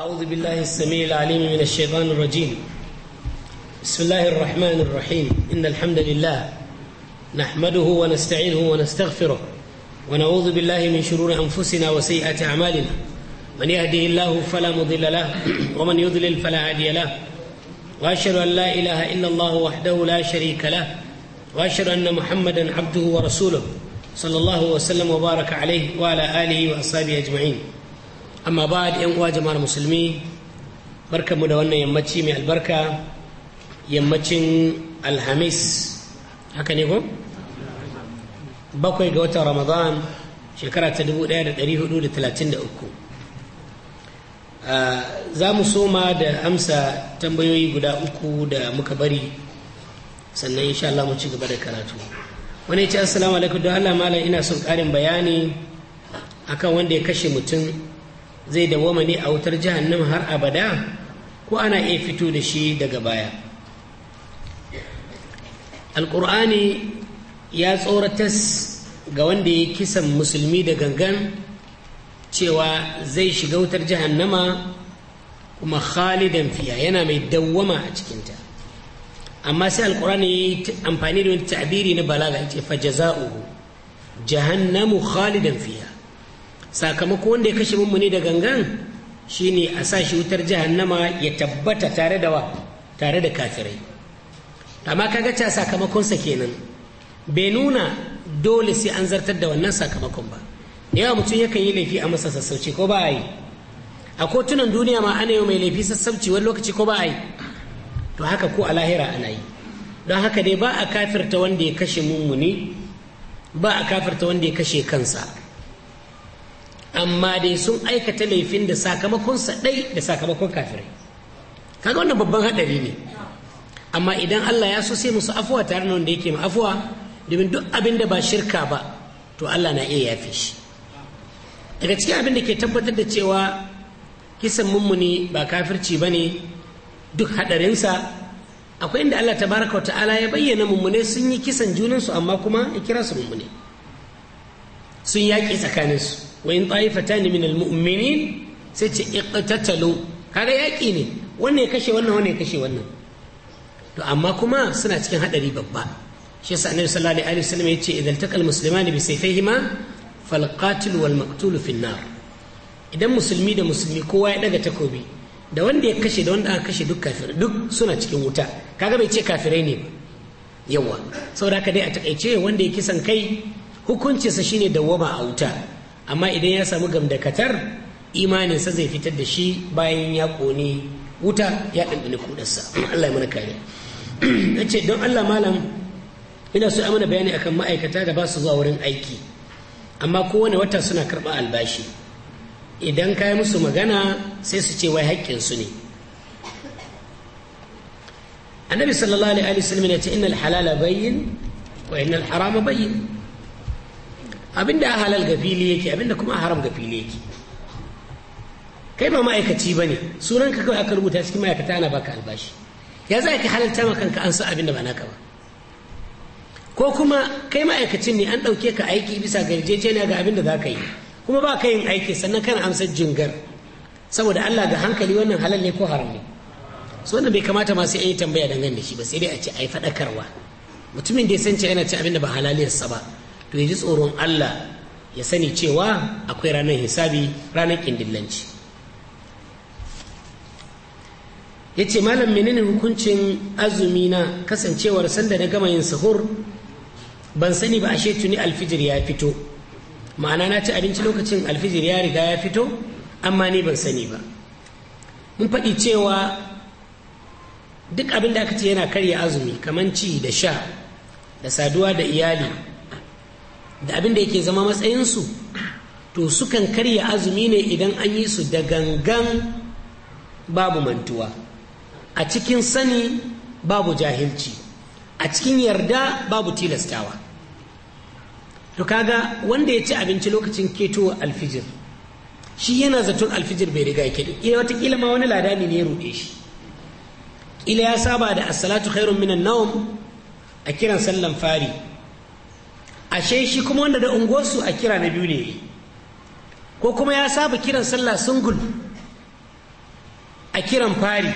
أعوذ بالله السميع العليم من الشيطان الرجيم بسم الله الرحمن الرحيم إن الحمد لله نحمده ونستعينه ونستغفره ونعوذ بالله من شرور أنفسنا وسيئات أعمالنا من يهده الله فلا مضل له ومن يضلل فلا هادي له وأشهد أن لا إله إلا الله وحده لا شريك له وأشهد أن محمدا عبده ورسوله صلى الله وسلم وبارك عليه وعلى آله وأصحابه أجمعين amma ba da yan uwa jama'ar musulmi barkanmu da wannan yammaci mai albarka yammacin alhamis haka ne ko bakwai ga watan ramadan shekara ta 1433 za mu soma da amsa tambayoyi guda uku da muka bari sannan insha Allah mu ci gaba da karatu wani ya ce assalamu alaikum don Allah malam ina son karin bayani akan wanda ya kashe mutum zai dawoma ne a wutar jahannama har abada ko ana iya fito da shi daga baya alƙur'ani ya tsoratas ga wanda ya kisan musulmi da gangan cewa zai shiga wutar jahannama kuma khalidan fiya yana mai dawwama a cikinta amma sai alƙur'ani ya yi amfani da wani ta'biri na balaga ya ce fa jaza'uhu jahannamu khalidan fiya sakamako wanda ya kashe mummuni da gangan shine a sa shi wutar jahannama ya tabbata tare da wa tare da kafirai amma ka ta sakamakonsa kenan bai nuna dole sai an zartar da wannan sakamakon ba da yawa mutum yakan yi laifi a masa sassauci ko ba a yi a kotunan duniya ma ana yi mai laifi sassauci wani lokaci ko ba a yi to haka ko a lahira ana yi don haka dai ba a kafirta wanda ya kashe mummuni ba a kafirta wanda ya kashe kansa amma dai sun aikata laifin da sakamakonsa ɗai da sakamakon kafirai kaga wannan babban haɗari ne amma idan Allah ya so sai musu afuwa tare da wanda yake ma afuwa domin duk abin da ba shirka ba to Allah na iya yafe shi daga cikin abin da ke tabbatar da cewa kisan mummuni ba kafirci ba ne duk haɗarinsa akwai inda Allah tabaraka wa ta'ala ya bayyana mummune sun yi kisan junansu amma kuma ya kira su mummune sun yaƙi tsakaninsu wayin in ta'ifatan min almu'minin sai ce iqtatalu kaga yaki ne wannan ya kashe wannan wannan ya kashe wannan to amma kuma suna cikin hadari babba shi yasa annabi sallallahu alaihi wasallam yace idan taqal bi sayfihima fal qatil wal maqtul fi nar idan musulmi da musulmi kowa ya daga takobi da wanda ya kashe da wanda aka kashe duk kafirai duk suna cikin wuta kaga bai ce kafirai ne ba yawa saboda haka dai a takaice wanda ya kisan kai hukuncinsa shine dawwama a wuta amma idan ya samu gamdakatar imaninsa zai fitar da shi bayan ya ƙone wuta ya ɗanɗana kudarsa Allah ya mana kare na ce don Allah malam ina so mana bayani akan ma'aikata da ba su zuwa wurin aiki amma kowane wata suna karɓar albashi idan ka yi musu magana sai su ce wai haƙƙinsu ne annabi sallallahu alaihi wasallam ya ce innal halala bayyin wa innal harama bayyin abinda a halal ga fili yake abinda kuma a haram ga fili yake kai ba ma'aikaci ba ne sunan ka kawai aka rubuta cikin ma'aikata na baka albashi ya za ka halalta ma kanka an sa abinda ba naka ba ko kuma kai ma'aikacin ne an ɗauke ka aiki bisa ga yarjejeniya ga abinda za ka yi kuma ba ka yin aiki sannan kana amsar jingar saboda Allah ga hankali wannan halal ne ko haram ne so wannan bai kamata masu yi tambaya dangane da shi ba sai dai a ce ai faɗakarwa mutumin da ya san ce yana ci abin da ba halaliyarsa ba to ya ji tsoron Allah ya sani cewa akwai ranar hisabi ranar kindillanci ya ce malam menene hukuncin azumi na kasancewar sanda na gama yin sahur ban sani ba ashe tuni alfijir ya fito ma'ana na ci abinci lokacin alfijir ya riga ya fito amma ni ban sani ba mun faɗi cewa duk abin da aka ce yana karya azumi kamanci da sha da saduwa da iyali da abin da yake zama matsayinsu to sukan karya azumi ne idan an yi su da gangan babu mantuwa a cikin sani babu jahilci a cikin yarda babu tilastawa to kaga wanda ya ci abinci lokacin keto alfijir shi yana zaton alfijir bai riga keto ila watakila ma wani ladani ne ya ruɗe shi ila ya saba da assalatu khairun minan nawm a kiran sallan fari ashe shi kuma wanda da unguwarsu a kira na biyu ne ko kuma ya saba kiran sallah sungul a kiran fari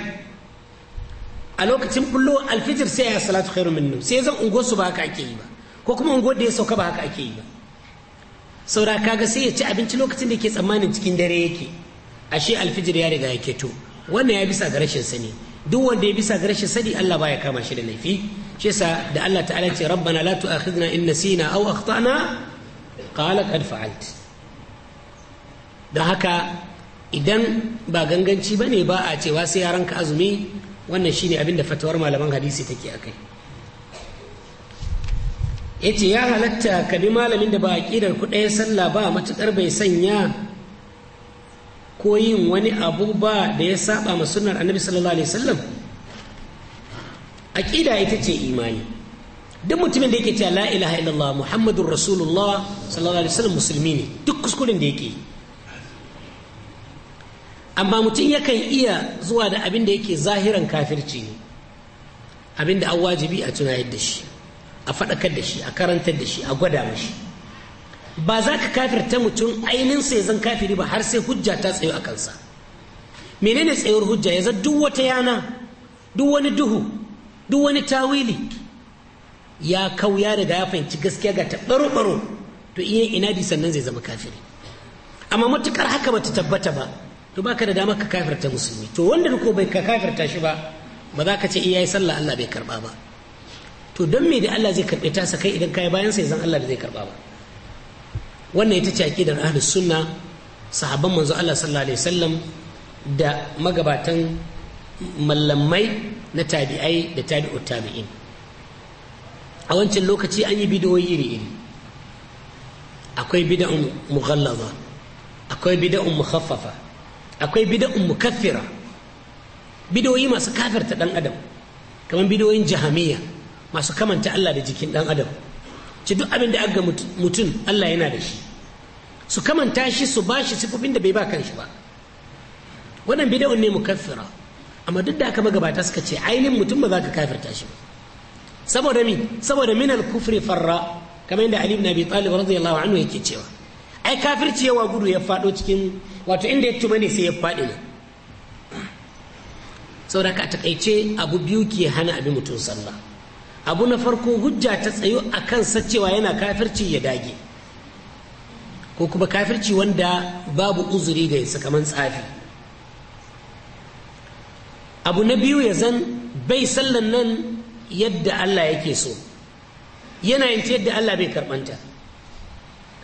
a lokacin bullo alfijir sai ya salatu khairu minnu sai zan unguwarsu ba haka ake yi ba ko kuma unguwar da ya sauka ba haka ake yi ba saura kaga sai ya ci abinci lokacin da ke tsammanin cikin dare yake ashe alfijir ya riga ya keto wannan ya bisa ga rashin sani duk wanda ya bisa ga rashin sani Allah baya kama shi da laifi shi yasa da Allah ta'ala ce rabbana la tu'akhidna in nasina aw akhtana qala qad fa'alt don haka idan ba ganganci bane ba a cewa sai yaran ka azumi wannan shine abin da fatawar malaman hadisi take akai yace ya halatta ka bi malamin da ba aqidar ku ɗaya sallah ba matukar bai sanya ko yin wani abu ba da ya saba ma sunnar annabi sallallahu alaihi wasallam aqida ita ce imani duk mutumin da yake cewa la ilaha illallah muhammadur rasulullah sallallahu alaihi wasallam musulmi ne duk kuskuren da yake amma mutum yakan iya zuwa da abin da yake zahiran kafirci ne abin da an wajibi a tunayar da shi a faɗakar da shi a karantar da shi a gwada mashi ba za ka kafirta mutum ainihin sai zan kafiri ba har sai hujja ta tsayo a kansa menene tsayuwar hujja ya duk wata yana duk wani duhu duk wani tawili ya kau ya riga ya fahimci gaskiya ga ta baro to iya ina bi sannan zai zama kafiri amma matukar haka bata tabbata ba to baka da dama ka kafirta musulmi to wanda ko bai ka kafirta shi ba ba za ka ce iya yi sallah Allah bai karba ba to don me da Allah zai karbe ta sa kai idan kai bayan sai zan Allah da zai karba ba wannan ita ce aqidar ahlus sunna sahabban manzo Allah sallallahu alaihi wasallam da magabatan mallamai na tabi'ai da tabi'u tabi'in a wancan lokaci an yi bidiyoyi iri-iri akwai bida'un mughallaza akwai bida'un mukhaffafa akwai bida'un mukaffira bidiyoyi masu kafirta dan adam kamar bidiyoyin jahamiya masu kamanta Allah da jikin dan adam ci duk abin da aka mutum Allah yana da shi su kamanta shi su bashi sifofin da bai ba kan shi ba wannan bidiyo ne mukaffira amma duk da aka magabata suka ce ainihin mutum ba za ka kafirta shi ba saboda mi saboda minal kufri farra kamar yadda ali ibn abi talib radiyallahu anhu yake cewa ai kafirci yawa gudu ya fado cikin wato inda ya tuba ne sai ya fadi ne saboda ka takaice abu biyu ke hana abin mutum sallah abu na farko hujja ta tsayo a kan cewa yana kafirci ya dage ko kuma kafirci wanda babu uzuri ga yasa kamar tsafi abu na biyu ya zan bai sallan nan yadda Allah yake so yana yin yadda Allah bai karɓanta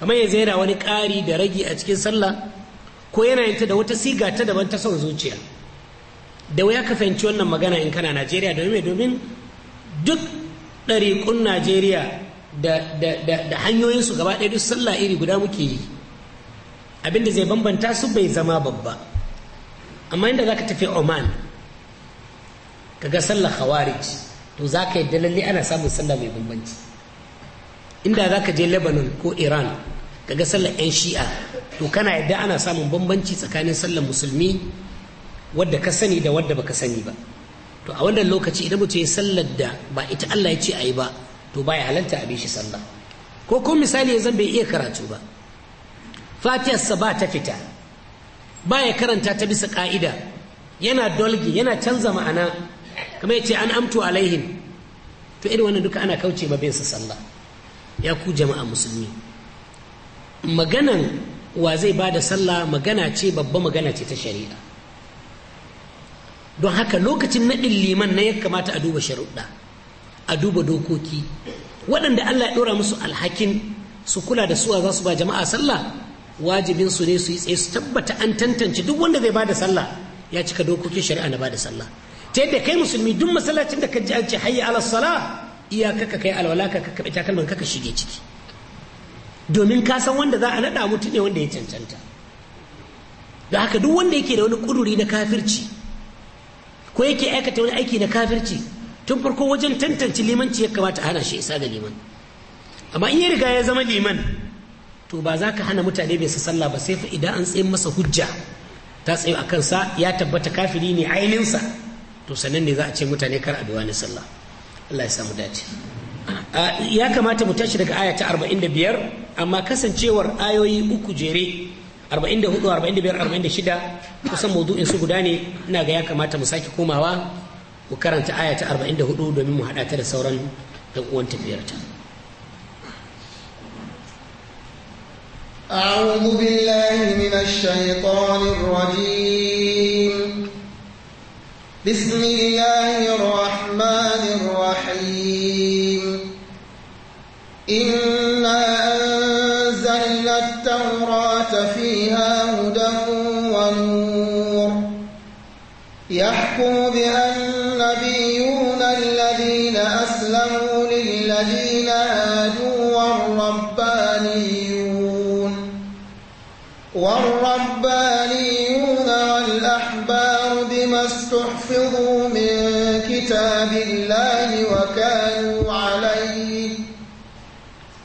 kamar ya zaira wani ƙari da ragi a cikin sallah ko yana yin da wata siga ta daban ta son zuciya da waya ka fahimci wannan magana in kana Najeriya domin mai domin duk ɗariƙun Najeriya da hanyoyinsu gaba ɗaya duk sallah iri guda muke yi abinda zai bambanta su bai zama babba amma inda za ka tafi oman kaga sallar khawarij to za ka yadda lalle ana samun sallah mai bambanci inda za ka je lebanon ko iran kaga sallar 'yan shi'a to kana yadda ana samun bambanci tsakanin sallar musulmi wadda ka sani da wadda baka sani ba to a wannan lokaci idan mutum ya sallar da ba ita allah ya ce a yi ba to ba ya halarta a shi sallah ko ko misali ya zan bai iya karatu ba fatiyarsa ba ta fita ba ya karanta ta bisa ka'ida yana dolgi yana canza ma'ana kamar ya ce an amtu alaihin to irin wannan duka ana kauce ma bin su sallah ya ku jama'a musulmi maganan wa zai ba da sallah magana ce babba magana ce ta shari'a don haka lokacin naɗin liman na ya kamata a duba sharuɗa a duba dokoki waɗanda allah ya ɗora musu alhakin su kula da suwa za su ba jama'a sallah wajibin su ne su yi tsaye su tabbata an tantance duk wanda zai ba da sallah ya cika dokokin shari'a na ba da sallah ta yadda kai musulmi duk masallacin da ka ji an ce hayya ala sala iya kaka kai alwala ka ka kabe takalman ka ka shige ciki domin ka san wanda za a nada mutum ne wanda ya cancanta da haka duk wanda yake da wani kuduri na kafirci ko yake aikata wani aiki na kafirci tun farko wajen tantance limanci ya kamata hana shi isa ga liman amma in ya riga ya zama liman to ba za ka hana mutane bai sa sallah ba sai fa idan an tsayin masa hujja ta tsaye a kansa ya tabbata kafiri ne ainihinsa to sannan ne za a ce mutane kar a biwa wani sallah Allah ya samu dace ya kamata mu tashi daga aya ta 45 amma kasancewar ayoyi uku jere 44 45 46 kusan maudu'in su guda ne ina ga ya kamata mu sake komawa mu karanta aya ta 44 domin mu hada ta da sauran ɗan uwan ta أعوذ بالله من الشيطان الرجيم بسم الله الرحمن الرحيم إنا أنزلنا التوراة فيها هدى ونور يحكم بها النبيون الذين أسلموا للذين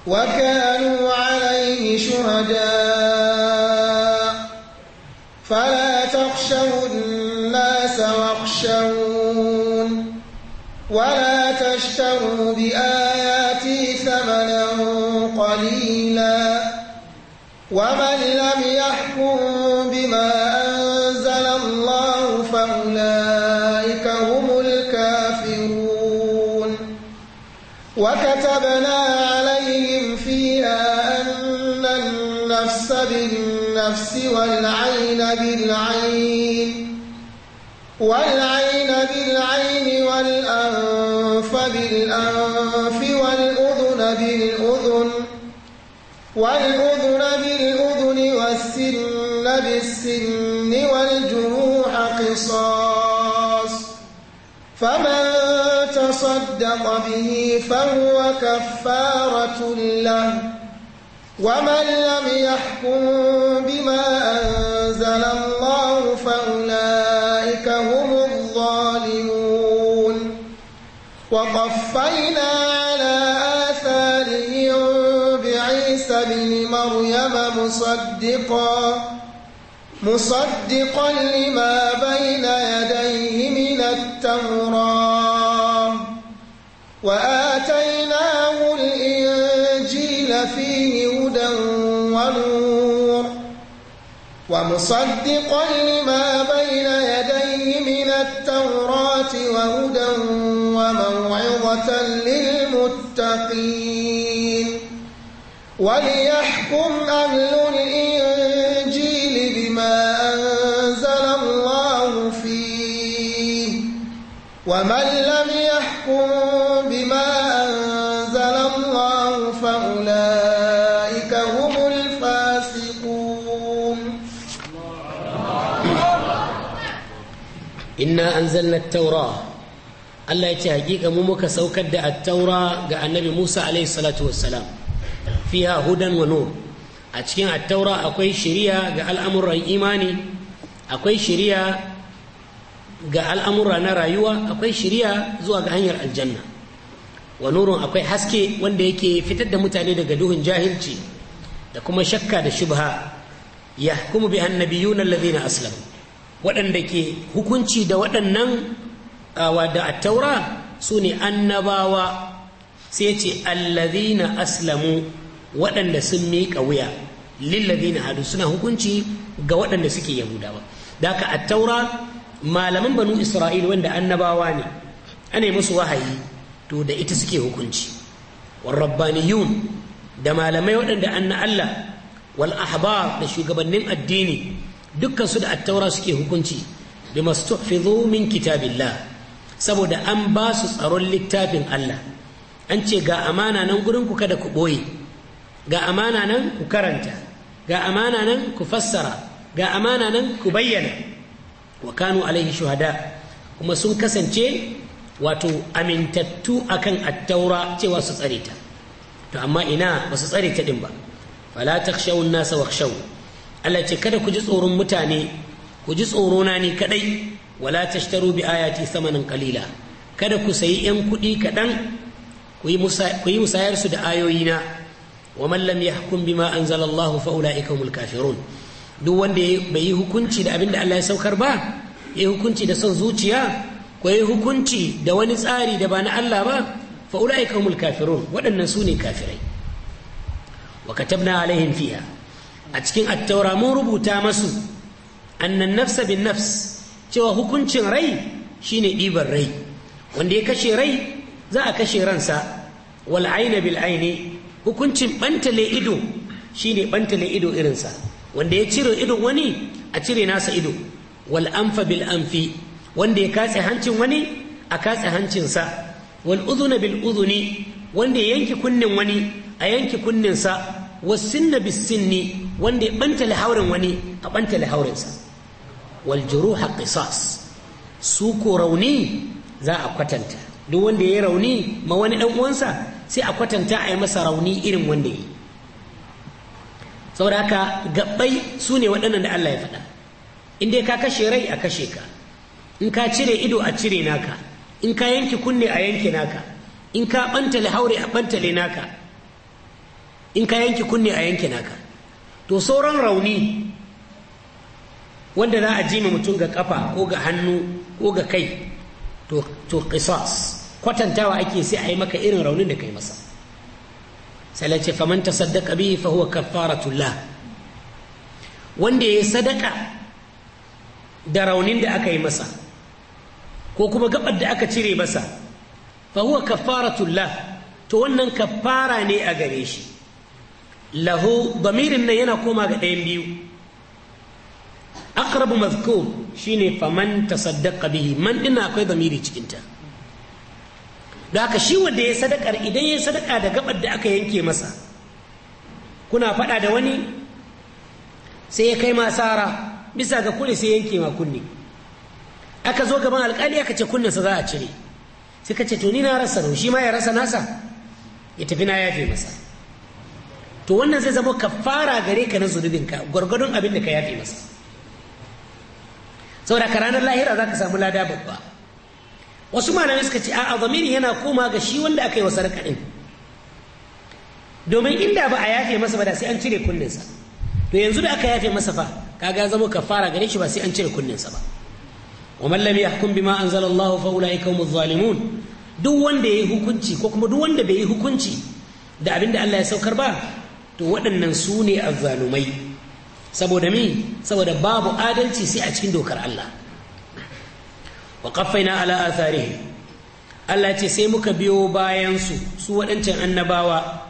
وكانوا عليه شهداء فلا تخشوا الناس واخشون ولا تشتروا بآياتي ثمنا قليلا ومن لم يحكم بما أنزل الله فأولئك هم الكافرون وكتبنا بالنفس والعين بالعين والعين بالعين والأنف بالأنف والأذن بالأذن والأذن بالأذن والسن بالسن والجروح قصاص فمن تصدق به فهو كفارة له ومن لم يحكم بما أنزل الله فأولئك هم الظالمون وقفينا على آثارهم بعيسى بن مريم مصدقا مصدقا لما بين يديه من التوراة وآل ومصدقا لما بين يديه من التوراة وهدى وموعظة للمتقين وليحكم أهل الإنجيل بما أنزل الله فيه ومن inna anzalna taura Allah ya ce hakika mu muka saukar da attaura ga annabi Musa alaihi salatu wassalam fiha hudan wa nur a cikin attaura akwai shiriya ga al'amuran imani akwai shiriya ga al'amura na rayuwa akwai shiriya zuwa ga hanyar aljanna wa nurun akwai haske wanda yake fitar da mutane daga duhun jahilci da kuma shakka da shubha yahkumu bi annabiyuna alladhina aslamu waɗanda ke hukunci da waɗannan da attaura su ne annabawa sai ce allazina aslamu waɗanda sun miƙa wuya lillazina hadu suna hukunci ga waɗanda suke yahudawa da haka attaura malaman banu isra'il wanda annabawa ne ana musu wahayi to da ita suke hukunci warrabbaniyun da malamai waɗanda anna Allah wal ahbar da shugabannin addini dukkan su da attaura suke hukunci bi mastuhfizu min kitabillah saboda an ba su tsaron littafin Allah an ce ga amana nan gurin ku kada ku boye ga amana nan ku karanta ga amana nan ku fassara ga amana nan ku bayyana wa kanu alaihi shuhada kuma sun kasance wato amintattu akan attaura cewa su tsare ta to amma ina ba su tsare ta din ba fala takhshawun nasa wakhshawun Allah ce kada ku ji tsoron mutane ku ji tsorona ne kadai wala tashtaru bi ayati samanin qalila kada ku sayi yan kuɗi kaɗan ku yi musayar su da ayoyina wa man lam yahkum bima anzalallahu fa ulaika humul kafirun duk wanda bai yi hukunci da abin da Allah ya saukar ba ya yi hukunci da son zuciya ko yi hukunci da wani tsari da ba na Allah ba fa ulaika humul kafirun waɗannan su ne kafirai wa katabna alaihim fiha a cikin attaura mun rubuta masu annan nafsa bin nafs cewa hukuncin rai shine ɗiban rai wanda ya kashe rai za a kashe ransa wal aina bil aini hukuncin bantale ido shine bantale ido irinsa wanda ya cire idon wani a cire nasa ido wal anfa bil anfi wanda ya katse hancin wani a katse hancinsa wal uzuna bil udhuni wanda ya yanki kunnen wani a yanki kunninsa Wasu sinna bis sinni wanda ya banta lahaurin wani a ɓanta lahaurinsa waljuru juruha su ko rauni za a kwatanta duk wanda ya yi rauni ma wani ɗan uwansa sai a kwatanta a yi masa rauni irin wanda ya yi saboda haka gabbai su ne waɗannan da Allah ya faɗa in dai ka kashe rai a kashe ka in ka cire ido a cire naka in ka yanki kunne a yanke naka in ka bantale lahaure a bantale naka in ka yanki kunne a yanke naka to sauran rauni wanda za a ji mutum ga kafa ko ga hannu ko ga kai to kisas kwatantawa ake sai a yi maka irin raunin da kai masa sai la faman tasaddaqa fa huwa kaffaratullah wanda ya sadaka da raunin da aka yi masa ko kuma gabar da aka cire masa fa huwa kaffaratullah to wannan kaffara ne a gare shi lahu damirin nan yana koma ga ɗayan biyu aqrabu mazkur shine faman tasaddaqa bihi man ina akwai damiri cikin ta da haka shi wanda ya sadakar idan ya sadaka da gabar da aka yanke masa kuna faɗa da wani sai ya kai masara bisa ga kule sai yanke ma kunne aka zo gaban alkali aka ce sa za a cire sai ka ce to ni na rasa shi ma ya rasa nasa ya tafi na yafe masa to wannan zai zama kafara gare ka na zunubinka gwargwadon abin da ka yafe masa saboda ka ranar lahira za ka samu lada babba wasu malamai suka ce a zamiri yana koma ga shi wanda aka yi wa sarka ɗin domin inda ba a yafe masa ba da sai an cire kunninsa to yanzu da aka yafe masa fa kaga ya zama kafara gare shi ba sai an cire kunninsa ba wa man kumbi ma bima anzala Allah fa ulaika humuz zalimun duk wanda yayi hukunci ko kuma duk wanda bai yi hukunci da abin da Allah ya saukar ba to waɗannan su ne azzalumai saboda me saboda babu adalci sai a cikin dokar Allah wa na ala tarihi. Allah ce sai muka biyo bayan su su waɗancan annabawa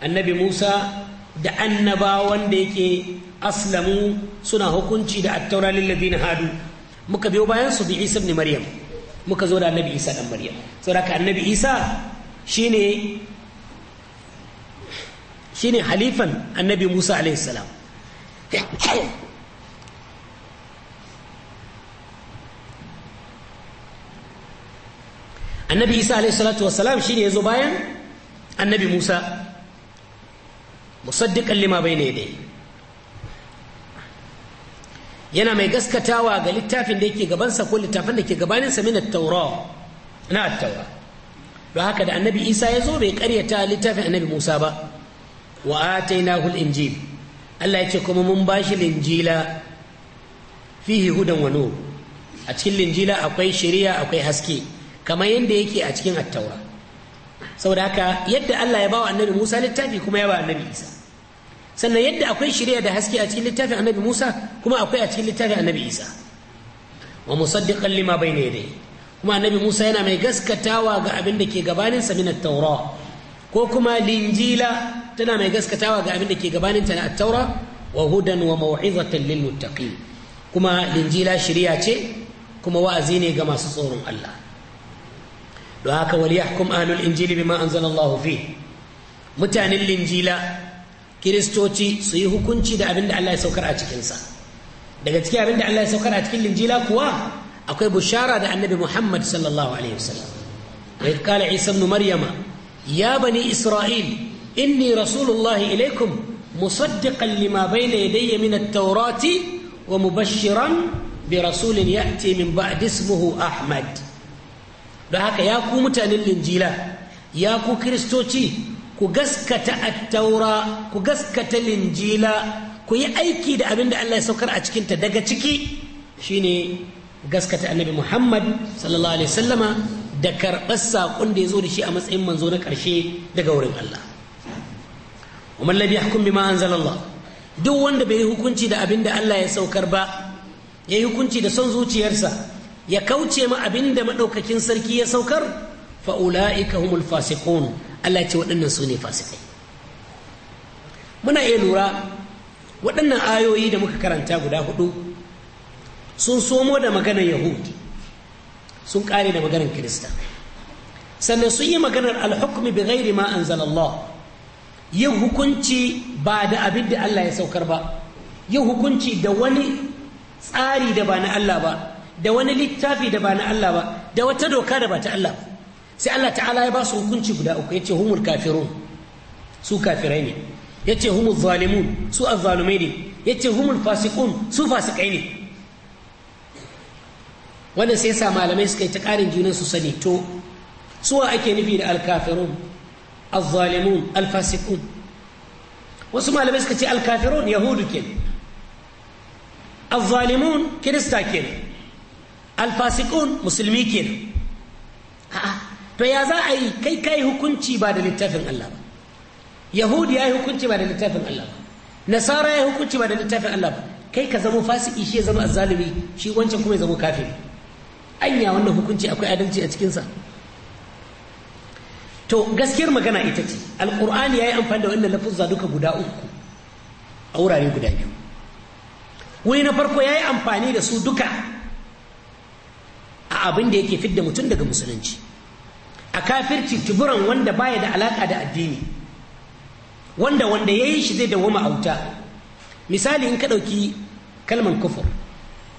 annabi Musa da annabawan da yake aslamu suna hukunci da attaura lillazina hadu muka biyo bayan su bi Isa ibn Maryam muka zo da annabi Isa dan Maryam saboda annabi Isa shine شيني حليفا النبي موسى عليه السلام النبي عيسى عليه الصلاة والسلام شيني يزو باين النبي موسى مصدقا لما بين يديه ينا ما يقسكتاوا قال التافن ديك قبانسا كل التافن ديك قبانسا من التوراة نا التوراة وهكذا النبي عيسى يزو بيقرية تالي التافن النبي موسى بقى wa atainahu al-injil Allah yace kuma mun bashi linjila fihi hudan wa nur a cikin linjila akwai shari'a akwai haske kamar yadda yake a cikin attaura saboda haka yadda Allah ya bawa annabi Musa littafi kuma ya ba annabi Isa sannan yadda akwai shari'a da haske a cikin littafin annabi Musa kuma akwai a cikin littafin annabi Isa wa musaddiqan lima bayna yadayhi kuma annabi Musa yana mai gaskatawa ga abin da ke gabanin sa min at-taura ko kuma linjila tana mai gaskatawa ga abin da ke gabaninta na attaura wa hudan wa mau'izatan lil muttaqin kuma linjila shirya ce kuma wa'azi ne ga masu tsoron Allah don haka wal yahkum ahlul injili bima anzala fi mutanen linjila kiristoci su yi hukunci da abin da Allah ya saukar a cikinsa daga cikin abin da Allah ya saukar a cikin linjila kuwa akwai bushara da annabi Muhammad sallallahu alaihi wasallam wa qala Isa ibn Maryama ya bani Isra'il inni rasulullahi ilaikum musaddiqan lima bayna yadayya min at-taurati wa mubashiran bi rasulin ya'ti min ba'di ismuhu ahmad Da haka ya ku mutanen linjila ya ku kiristoci ku gaskata at-taura ku gaskata linjila ku yi aiki da abin da Allah ya saukar a cikinta daga ciki shine gaskata annabi Muhammad sallallahu alaihi wasallama da karɓar saƙon da ya zo da shi a matsayin manzo na ƙarshe daga wurin Allah wa man lam yahkum bima anzalallah duk wanda bai yi hukunci da abin da Allah ya saukar ba ya yi hukunci da son zuciyarsa ya kauce ma abin da madaukakin sarki ya saukar fa ulaika humul fasiqun Allah ce waɗannan su ne fasikai muna iya lura waɗannan ayoyi da muka karanta guda hudu sun somo da maganar yahudi sun ƙare da maganar kirista sannan sun yi maganar alhukmi bi ghairi ma anzalallah yin hukunci ba da abin da Allah ya saukar ba yin hukunci da wani tsari da ba na Allah ba da wani littafi da ba na Allah ba da wata doka da ba ta Allah sai Allah ta'ala ya ba su hukunci guda uku ya ce humul kafirun su kafirai ne ya ce humul zalimun su azzalumai ne ya ce humul fasikun su fasikai ne wannan sai sa malamai suka yi ta ƙarin junan su sani to suwa ake nufi da alkafirun الظالمون الفاسقون wasu malamai suka ce alkafirun yahudu ke azzalimun kirista ke alfasikun musulmi ke to ya za a yi kai kai hukunci ba da littafin Allah ba yahudu ya yi hukunci ba da littafin Allah ba nasara ya yi hukunci ba da littafin Allah ba kai ka zama fasiki shi ya zama azzalimi shi wancan kuma ya anya hukunci akwai adalci a cikinsa to gaskiyar magana ita ce alƙur'ani ya yi amfani da wannan lafuzza duka guda uku a wurare guda biyu wuri na farko ya yi amfani da su duka a abin da yake fidda mutum daga musulunci a kafirci tuburan wanda baya da alaƙa da addini wanda wanda ya yi shi zai dawoma auta misali in ka ɗauki kalman kufur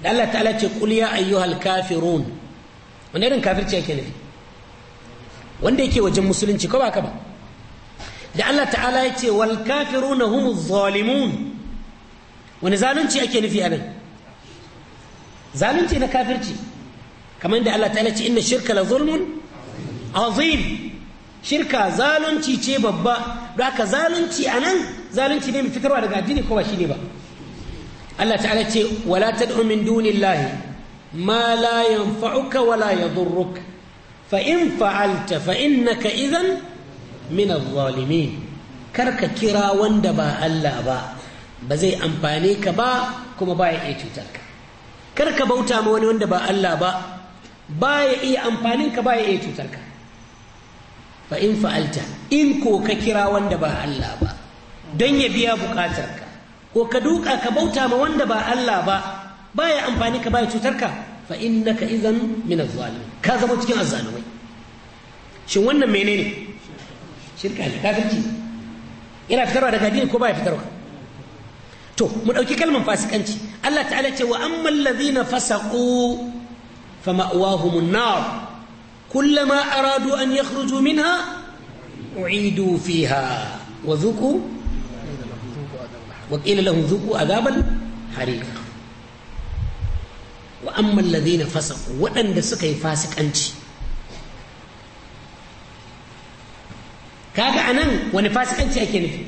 da Allah ta'ala ce Kuliya ya ayyuhal kafirun wanda irin kafirci yake nufi wanda yake wajen musulunci ko ba ka ba da Allah ta'ala ya ce wal kafiruna hum zalimun wani zalunci ake nufi a nan zalunci na kafirci kamar da Allah ta'ala ce inna shirka la zulmun azim shirka zalunci ce babba da aka zalunci a nan zalunci ne mai fitarwa daga addini ko ba shi ne ba Allah ta'ala ce wala tad'u min dunillahi ma la yanfa'uka wala yadurruka fa'in fa'alta fa'in na min al minan zalimin karka kira wanda ba Allah ba ba zai amfane ka ba kuma ba ya iya cutar ka karka bauta ma wani wanda ba Allah ba ba ya iya amfanin ka ba ya iya cutarka. ka fa'in fa'alta in ko ka kira wanda ba Allah ba don ya biya bukatar ko ka duka ka bauta ma wanda ba Allah ba ba ya amfani ka ba ya cutarka? fa innaka idan min az ka zama cikin azzalumai shin wannan menene shirka ne kafirci yana fitarwa daga addini ko baya fitarwa to mu dauki kalmar fasikanci Allah ta'ala ce wa ammal ladhina fasaqu fa nar kullama aradu an yakhruju minha u'idu fiha wa dhuqu وقيل لهم wa amman ladina fasaku waɗanda suka yi fasikanci kaga anan wani fasikanci ake nufi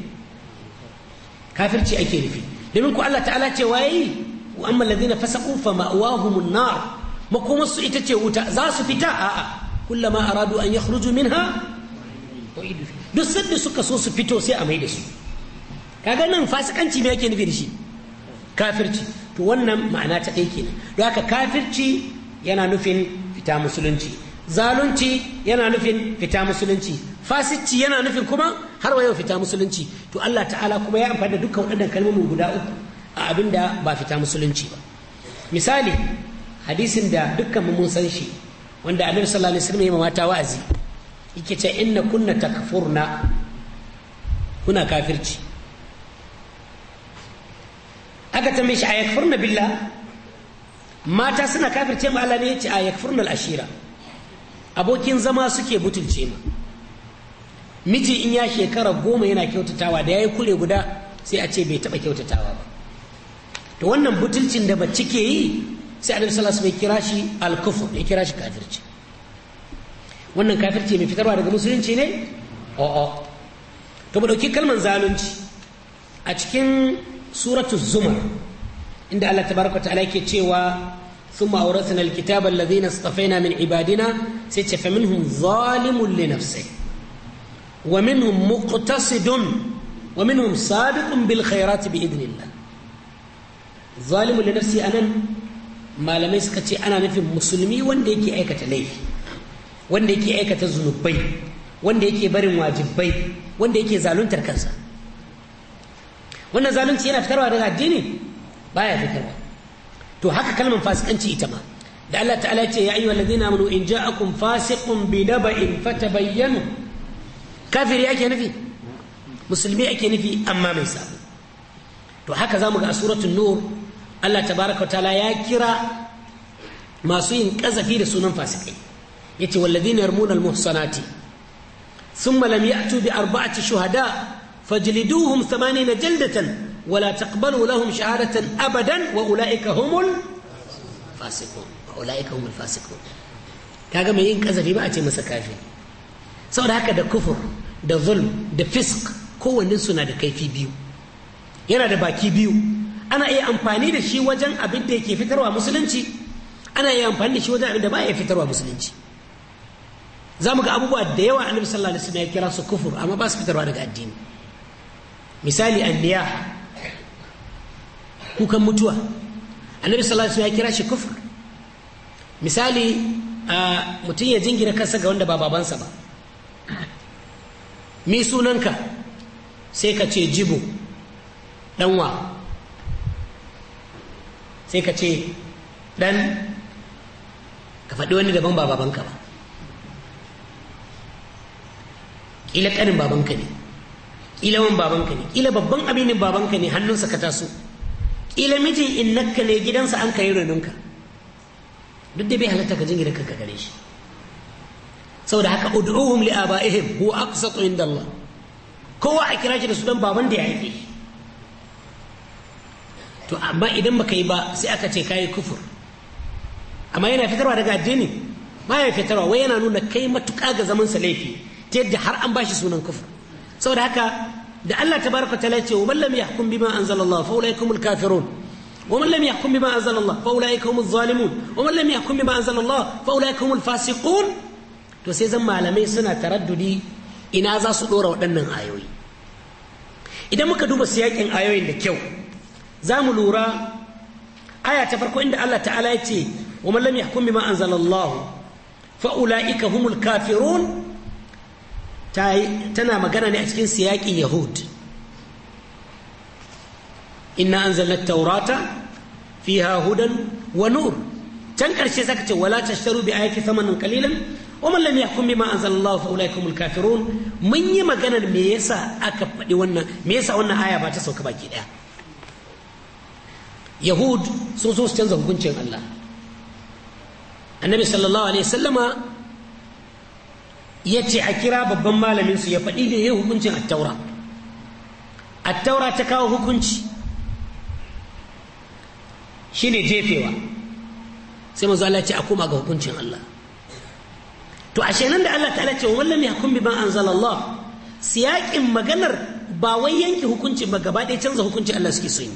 kafirci ake nufi domin ku Allah ta'ala ce waye wa amman ladina fasaku fa ma'wahum an-nar makomar su ita ce wuta za su fita a'a kullama aradu an yakhruju minha ha duk sanda suka so su fito sai a mai da su kaga nan fasikanci me ake nufi da shi kafirci to wannan ma'ana ta ɗaya kenan don haka kafirci yana nufin fita musulunci zalunci yana nufin fita musulunci fasici yana nufin kuma har wa yau fita musulunci to Allah ta'ala kuma ya amfani da dukkan waɗannan kalmomi guda uku a abin da ba fita musulunci ba misali hadisin da dukkan mun san shi wanda annabi sallallahu alaihi wasallam ya mata wa'azi yake ce inna kunna takfurna kuna kafirci aka tambaye shi a na billa mata suna kafirce mu Allah ne ce a yakfur na ashira abokin zama suke butulce mu miji in ya shekara goma yana kyautatawa da ya yi kure guda sai a ce bai taɓa kyautatawa ba to wannan butulcin da ba ke yi sai annabi sallallahu alaihi ya kira shi alkufur ya kira shi kafirci wannan kafirci mai fitarwa daga musulunci ne o'o oh, oh. to mu dauki kalmar zalunci a cikin suratu zumar inda Allah tabaraka ta'ala yake cewa thumma awrasna alkitaba alladhina safaina min ibadina sai ce faminhum zalimun li nafsihi wa minhum muqtasidun wa minhum sabiqun bil khairati bi idnillah zalimun li nafsi anan malamai suka ce ana nufin musulmi wanda yake aikata laifi wanda yake aikata zunubai wanda yake barin wajibai wanda yake zaluntar kansa wannan zalunci yana fitarwa daga addini baya fitarwa to haka kalmar fasikanci ita ma da Allah ta'ala ce ya ayyuhal ladina amanu in ja'akum fasiqun bi naba'in fatabayyanu kafiri ake nufi musulmi ake nufi amma mai sabo to haka zamu ga suratul nur Allah tabaraka ta'ala ya kira masu yin kazafi da sunan fasikai yace walladina yarmuna almuhsanati thumma lam ya'tu bi arba'ati shuhada' فاجلدوهم ثمانين جلدة ولا تقبلوا لهم شهادة أبدا وأولئك هم الفاسقون وأولئك هم الفاسقون kaga mai yin kasafi ba a ce masa kafin saboda haka da kufur da zulm da fisk kowanne suna da kaifi biyu yana da baki biyu ana iya amfani da shi wajen abin da yake fitarwa musulunci ana iya amfani da shi wajen abin da ba ya fitarwa musulunci za mu ga abubuwa da yawa annabi sallallahu alaihi wasallam ya kira su kufur amma ba su fitarwa daga addini misali anniya kukan mutuwa annabi sallallahu alaihi ya kira shi kufur misali mutum ya jingina kansa ga wanda ba babansa ba mi sunanka sai ka ce jibo danwa sai ka ce dan ka faɗi wani daban ba babanka ba ƙila ƙarin babanka ne ƙila wani babanka ne ƙila babban aminin babanka ne hannunsa ka taso ƙila mijin innaka ne gidansa an kai renonka duk da bai halatta ka jingira kanka gare shi saboda haka ud'uhum li aba'ihim huwa aqsatu inda Allah kowa a kira shi da dan baban da ya haife to amma idan baka yi ba sai aka ce kayi kufur amma yana fitarwa daga addini ba ya fitarwa wai yana nuna kai matuƙa ga zaman sa laifi ta yadda har an bashi sunan kufur saboda haka da Allah Ta tabaraka ta ce wa man yahkum bima anzalallah fa ulaikumul kafirun wa man lam yahkum bima anzalallah fa ulaikumuz zalimun wa man lam yahkum bima anzalallah fa ulaikumul fasiqun to sai zan malamai suna taraddudi ina za su dora waɗannan ayoyi idan muka duba siyakin ayoyin da kyau za mu lura aya ta farko inda Allah ta'ala ya ce wa man lam yahkum bima anzalallahu fa ulaika humul kafirun tana magana ne a cikin siyaƙin yahud inna an taurata fiha hudan wa nur can ƙarshe zaka ce wala tashtaru bi ayati thamanin qalilan wa man lam yahkum bima anzalallahu fa ulaikumul kafirun mun yi maganar me yasa aka faɗi wannan me yasa wannan aya ba ta sauka baki ɗaya yahud sun so su canza hukuncin Allah annabi sallallahu alaihi wasallama ya ce a kira babban malaminsu ya faɗi da ya yi hukuncin attaura attaura ta kawo hukunci shi ne jefewa sai mazu ce a koma ga hukuncin Allah to a nan da Allah ta'ala ce wallan ya kun biban anzal Allah siyaƙin maganar ba wai yanke hukuncin ba gaba ɗaya canza hukuncin Allah suke son yi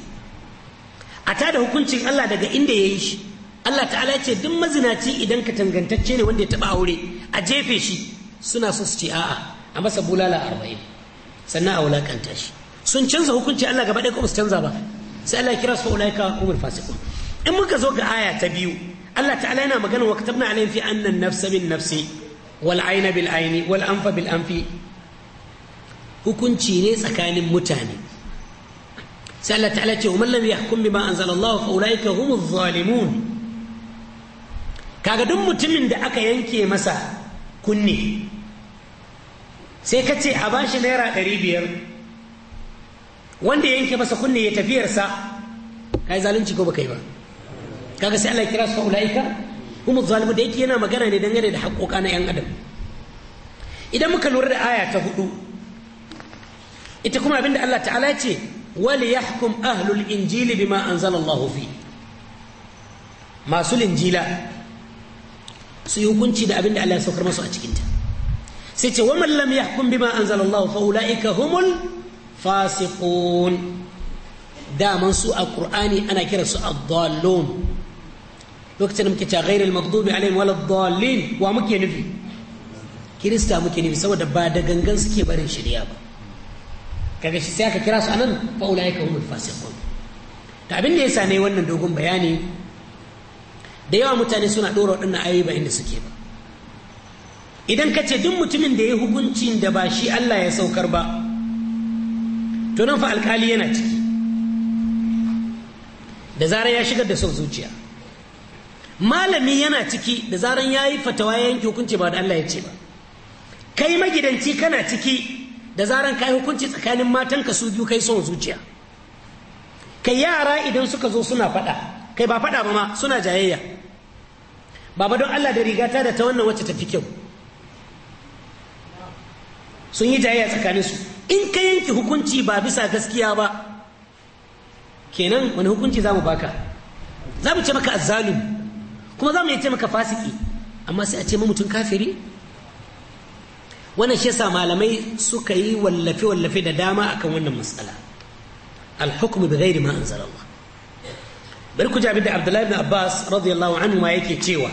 a tada hukuncin Allah daga inda ya yi shi Allah ta'ala ce duk mazinaci idan ka tangantacce ne wanda ya taɓa aure a jefe shi suna so su ce a'a a masa bulala arba'in sannan a wulakanta shi sun canza hukunci Allah gaba ɗaya kuma su canza ba sai Allah ya kira su ulaika humul fasiqun in muka zo ga aya ta biyu Allah ta'ala yana magana wa katabna alayhim fi anna an-nafsa bin nafsi wal ayna bil ayni wal anfa bil anfi hukunci ne tsakanin mutane sai Allah ta'ala ce man lam yahkum bima anzala Allah fa ulaika humuz zalimun kaga duk mutumin da aka yanke masa kunne sai ka ce a bashi naira ɗari biyar wanda yanke masa kunne ya tafiyarsa ka yi zalunci ko baka yi ba kaga sai Allah ya kira su ula'ika kuma zalimu da yake yana magana ne dangane da haƙoƙa na 'yan adam idan muka lura da aya ta hudu ita kuma abinda Allah ta'ala ce wali yahkum ahlul injili bima anzalallahu fi masu linjila su yi hukunci da abin da Allah ya saukar masu a cikinta sai ce waman lam yahkum bima anzalallahu fa ulaika humul fasiqun daman su a qur'ani ana kira su ad-dallun lokacin da muke ta ghairil maghdubi alaihim wal dallin wa muke nufi kirista muke nufi saboda ba da gangan suke barin shari'a ba kaga shi sai aka kira su anan fa ulaika humul fasiqun to abin da yasa ne wannan dogon bayani da yawa mutane suna ɗora waɗannan ayoyi ba inda suke ba idan ka ce duk mutumin da ya yi hukuncin da ba shi Allah ya saukar ba to nan fa alkali yana ciki da zarar ya shigar da son zuciya malami yana ciki da zarar ya yi fatawa ya yanke hukunci ba da Allah ya ce ba kai magidanci kana ciki da zarar ka yi hukunci tsakanin matan ka su biyu kai son zuciya kai yara idan suka zo suna faɗa kai ba faɗa ba ma suna jayayya baba don Allah da rigata da ta wannan wacce ta fi kyau sun yi jayayya tsakanin su in ka yanke hukunci ba bisa gaskiya ba kenan wani hukunci za mu baka za mu ce maka azzalumi kuma za mu ce maka fasiki amma sai a ce mutum kafiri wannan shi yasa malamai suka yi wallafe wallafe da dama akan wannan matsala al bi ghairi ma'an anzala Allah bari ku jabi da Abdullahi bin Abbas radiyallahu anhu ma yake cewa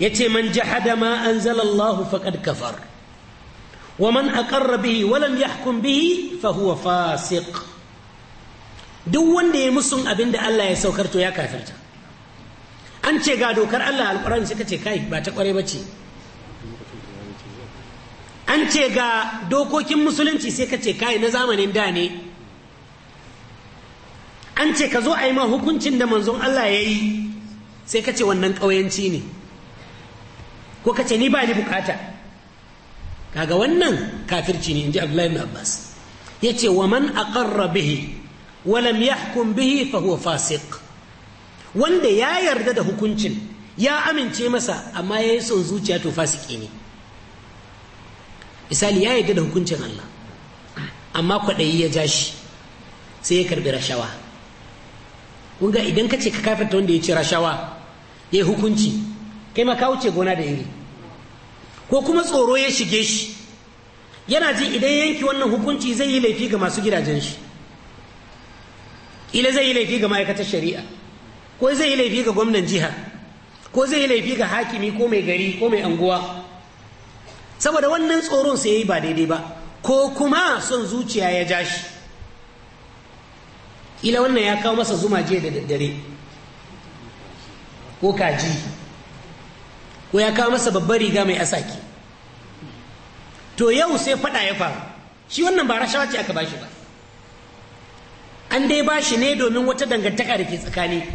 yace man jahada ma anzala Allah faqad kafar wa man aqarra bihi wa ya bihi fa huwa fasiq duk wanda ya musun abinda Allah ya saukar to ya kafirta an ce ga dokar Allah alqur'ani suka ce kai ba ta kware bace an ce ga dokokin musulunci sai ka ce kai na zamanin da ne an ce ka zo a yi ma hukuncin da manzon Allah ya yi sai ka ce wannan ƙauyanci ne ko ka ce ni ba ni bukata kaga wannan kafirci ne inji abdullahi ibn abbas ya ce wa man aqarra bihi wa lam yahkum bihi fa huwa fasiq wanda ya yarda da hukuncin ya amince masa amma yayi son zuciya to fasiki ne misali ya yarda da hukuncin Allah amma kwaɗayi ya ja shi sai ya karbi rashawa kun ga idan ka ce ka kafirta wanda ya ci rashawa ya yi hukunci kai ma kawo wuce gona da iri ko kuma tsoro ya shige shi yana ji idan yanki wannan hukunci zai yi laifi ga masu gidajen shi ila zai yi laifi ga ma'aikatar shari'a ko zai yi laifi ga gwamnan jiha ko zai yi laifi ga hakimi ko mai gari ko mai anguwa saboda wannan tsoron sai ya yi ba daidai ba ko kuma son zuciya ya ja shi ila wannan ya kawo masa zuma jiya da daddare ko kaji ko ya kawo masa babbar riga mai asaki to yau sai fada ya faru shi wannan ba rashawa ce aka bashi ba an dai bashi ne domin wata dangantaka da ke tsakani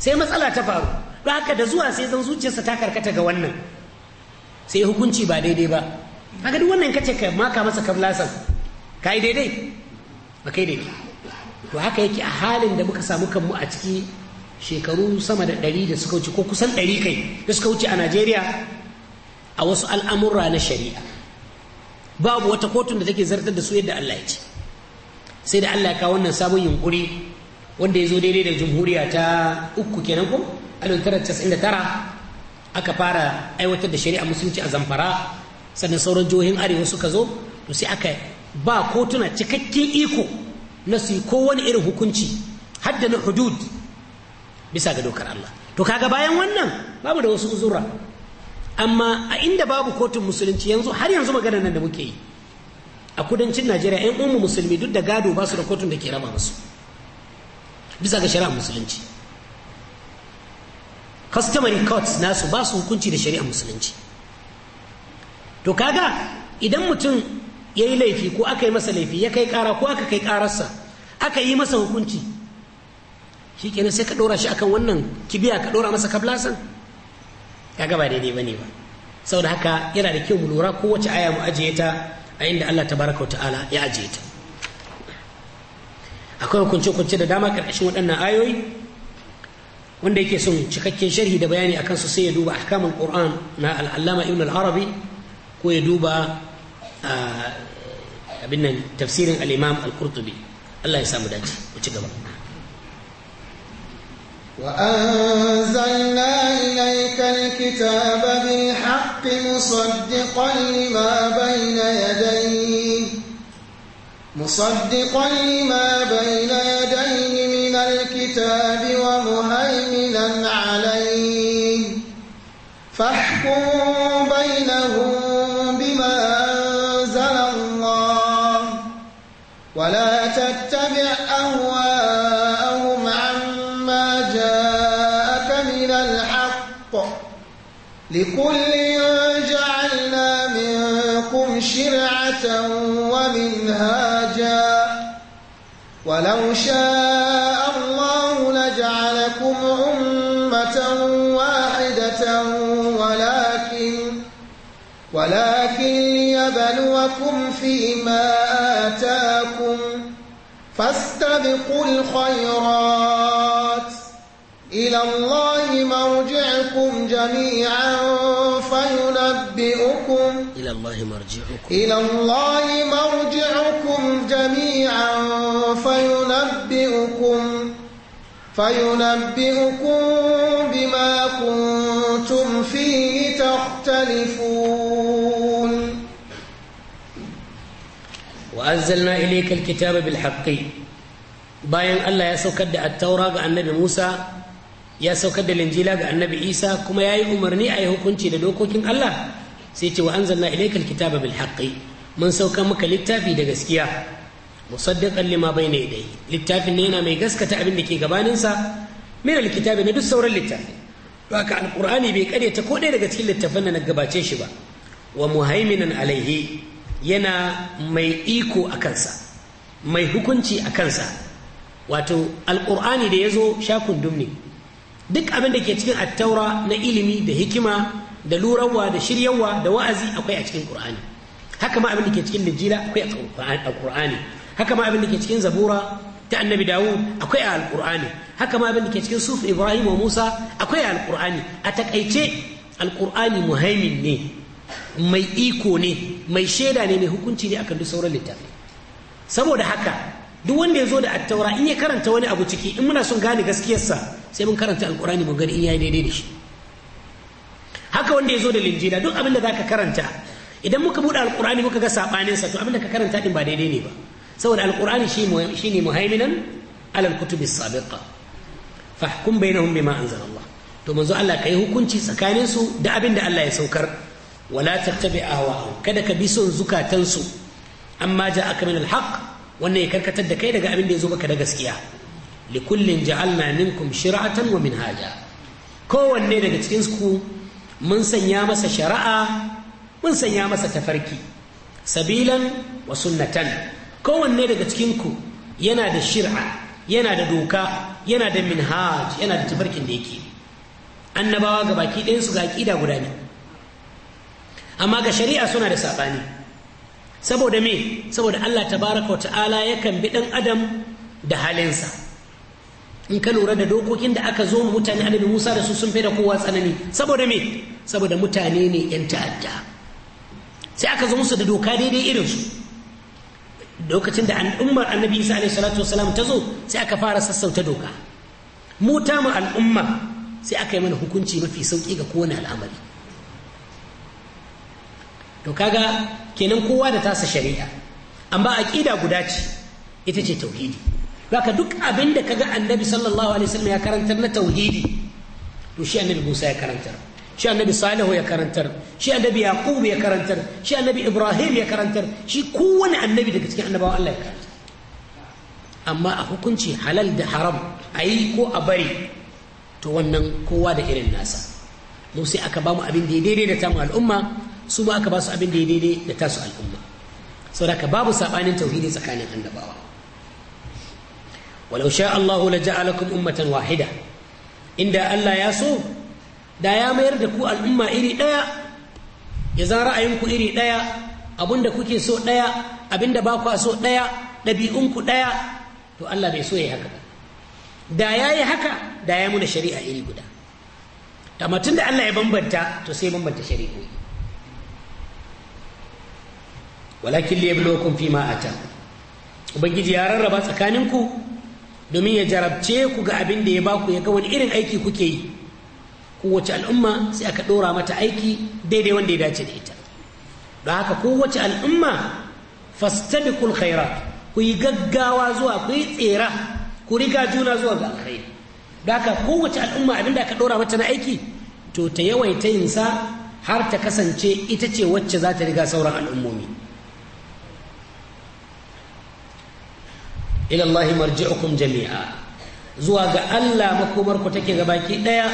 sai matsala ta faru don haka da zuwa sai zan zuciyarsa ta karkata ga wannan sai hukunci ba daidai ba haka duk wannan kace ka maka masa kablasan ka yi daidai ba kai daidai to haka yake a halin da muka samu kanmu a ciki shekaru sama da ɗari da suka wuce ko kusan ɗari kai da suka wuce a najeriya a wasu al'amurra na shari'a babu wata kotun da take zartar da su yadda allah ya ce sai da allah ya kawo wannan sabon yunkuri wanda ya zo daidai da jamhuriya ta uku kenan ko tara aka fara aiwatar da shari'a musulunci a zamfara sannan sauran jihohin arewa suka zo to sai aka ba kotuna cikakken iko na su yi kowane irin hukunci hadda na hudud bisa ga dokar Allah to kaga bayan wannan babu da wasu uzura amma a inda babu kotun musulunci yanzu har yanzu magana nan da muke yi a kudancin najeriya yan ummu musulmi duk da gado ba su da kotun da ke raba musu bisa ga shari'ar musulunci customary courts nasu ba su hukunci da shari'ar musulunci to kaga idan mutum ya yi laifi ko aka yi masa laifi ya kai kara ko aka kai kararsa aka yi masa hukunci shikenan sai ka ɗora shi akan wannan kibiya ka ɗora masa kablasan ya gaba daidai ba ne ba saboda haka yana da kyau mu lura kowace aya mu ajiye ta a inda Allah baraka ta'ala ya ajiye ta akwai hukunce-hukunce da dama karkashin waɗannan ayoyi wanda yake son cikakken sharhi da bayani akan su sai ya duba ahkamul qur'an na al'allama ibn al-arabi ko ya duba abin nan tafsirin al-imam al-qurtubi Allah ya samu dace ku ci gaba وأنزلنا إليك الكتاب بالحق مصدقا لما بين يديه مصدقا لما بين يديه من الكتاب ومهيمنا عليه فاحكم بينهم لكل جعلنا منكم شرعة ومنهاجا ولو شاء الله لجعلكم أمة واحدة ولكن ولكن ليبلوكم فيما آتاكم فاستبقوا الخيرات إلى الله مرجعكم جميعا فينبئكم إلى الله مرجعكم إلى الله مرجعكم جميعا فينبئكم فينبئكم بما كنتم فيه تختلفون وأنزلنا إليك الكتاب بالحق باين الله يسوكد التوراة عن النبي موسى ya saukar da linjila ga annabi isa kuma ya yi umarni a yi hukunci da dokokin allah sai ce wa anzalna ilayka alkitaba bil mun sauka maka littafi da gaskiya musaddiqan lima ne yadayhi littafin ne yana mai gaskata abin da ke gabaninsa sa min alkitabi na duk sauran littafi to haka alqur'ani bai kare ta ko ɗaya daga cikin littafan da na gabace shi ba wa muhaiminan alaihi yana mai iko a kansa mai hukunci a kansa wato alqur'ani da ya zo shakun dumni duk abin da ke cikin attaura na ilimi da hikima da lurarwa da shiryawa da wa'azi akwai a cikin qur'ani haka ma abin da ke cikin lijila akwai a qur'ani haka ma abin da ke cikin zabura ta annabi dawud akwai a alqur'ani haka ma abin da ke cikin suf ibrahim wa musa akwai a alqur'ani a takaice alqur'ani muhaimin ne mai iko ne mai shaida ne mai hukunci ne akan duk sauran littafi saboda haka duk wanda ya zo da attaura in ya karanta wani abu ciki in muna son gane gaskiyarsa sai mun karanta alkurani mun gani in yayi daidai da shi haka wanda ya zo da linjila duk abin da za ka karanta idan muka buɗe alkurani muka ga saɓaninsa to abin da ka karanta ɗin ba daidai ne ba saboda alkurani shi ne muhaiminan alal kutubi sabiqa fahkum bainahum bima anzala Allah to manzo Allah kai hukunci tsakanin su da abin da Allah ya saukar wala tattabi ahwa'ahum kada ka bi son zukatansu amma ja'aka min alhaq wannan ya karkatar da kai daga abin da ya zo baka da gaskiya likullin ja'alna minkum shir'atan wa minhaja kowanne daga cikin ku mun sanya masa shari'a mun sanya masa tafarki sabilan wa sunnatan kowanne daga cikin ku yana da shir'a yana da doka yana da minhaj yana da tafarkin da yake annabawa ga baki ɗayansu ga aƙida guda ne amma ga shari'a suna da saɓani saboda me saboda allah tabaraka wa ta'ala yakan bi ɗan adam da halinsa in ka lura da dokokin da aka zo mutane annabi Musa da su sun fi da kowa tsanani saboda me saboda mutane ne yan ta'adda sai aka zo musu da doka daidai irin su lokacin da al'ummar annabi Isa alaihi salatu wasalam ta zo sai aka fara sassauta doka mu ta mu al'umma sai aka yi mana hukunci mafi sauki ga kowane al'amari to kaga kenan kowa da tasa shari'a amma aqida guda ce ita ce tauhidi Baka duk abin da kaga annabi sallallahu alaihi wasallam ya karantar na tauhidi to shi annabi Musa ya karantar shi annabi Salihu ya karantar shi annabi Yaqub ya karantar shi annabi Ibrahim ya karantar shi kowane annabi daga cikin annabawa Allah ya karantar amma a hukunci halal da haram ayi ko a bari to wannan kowa da irin nasa mu sai aka ba mu abin da ya daidai da tamu al'umma su ba aka ba su abin da daidai da tasu al'umma saboda ka babu sabanin tauhidi tsakanin annabawa walau sha Allahu la ja'alakum ummatan wahida inda Allah ya so da ya mayar da ku al'umma iri ɗaya ya za ra'ayinku iri ɗaya abinda kuke so ɗaya abinda ba ku so ɗaya ku ɗaya to Allah bai so ya haka da ya yi haka da ya muna shari'a iri guda amma da Allah ya bambanta to sai bambanta shari'o'i walakin liyabluwakum fima ata ubangiji ya rarraba tsakaninku domin ya jarabce ku ga abin da ya baku ya ga wani irin aiki kuke yi kowace al'umma sai aka ɗora mata aiki daidai wanda ya dace da ita don haka kowace al'umma fastabiqul khairat ku yi gaggawa zuwa ku yi tsera ku riga juna zuwa ga alkhairi da haka kowace al'umma abin da aka ɗora mata na aiki to ta yawaita yin sa har ta kasance ita ce wacce za ta riga sauran al'ummomi ila Allah marji'ukum jami'a zuwa ga Allah makomar ku take gabaki daya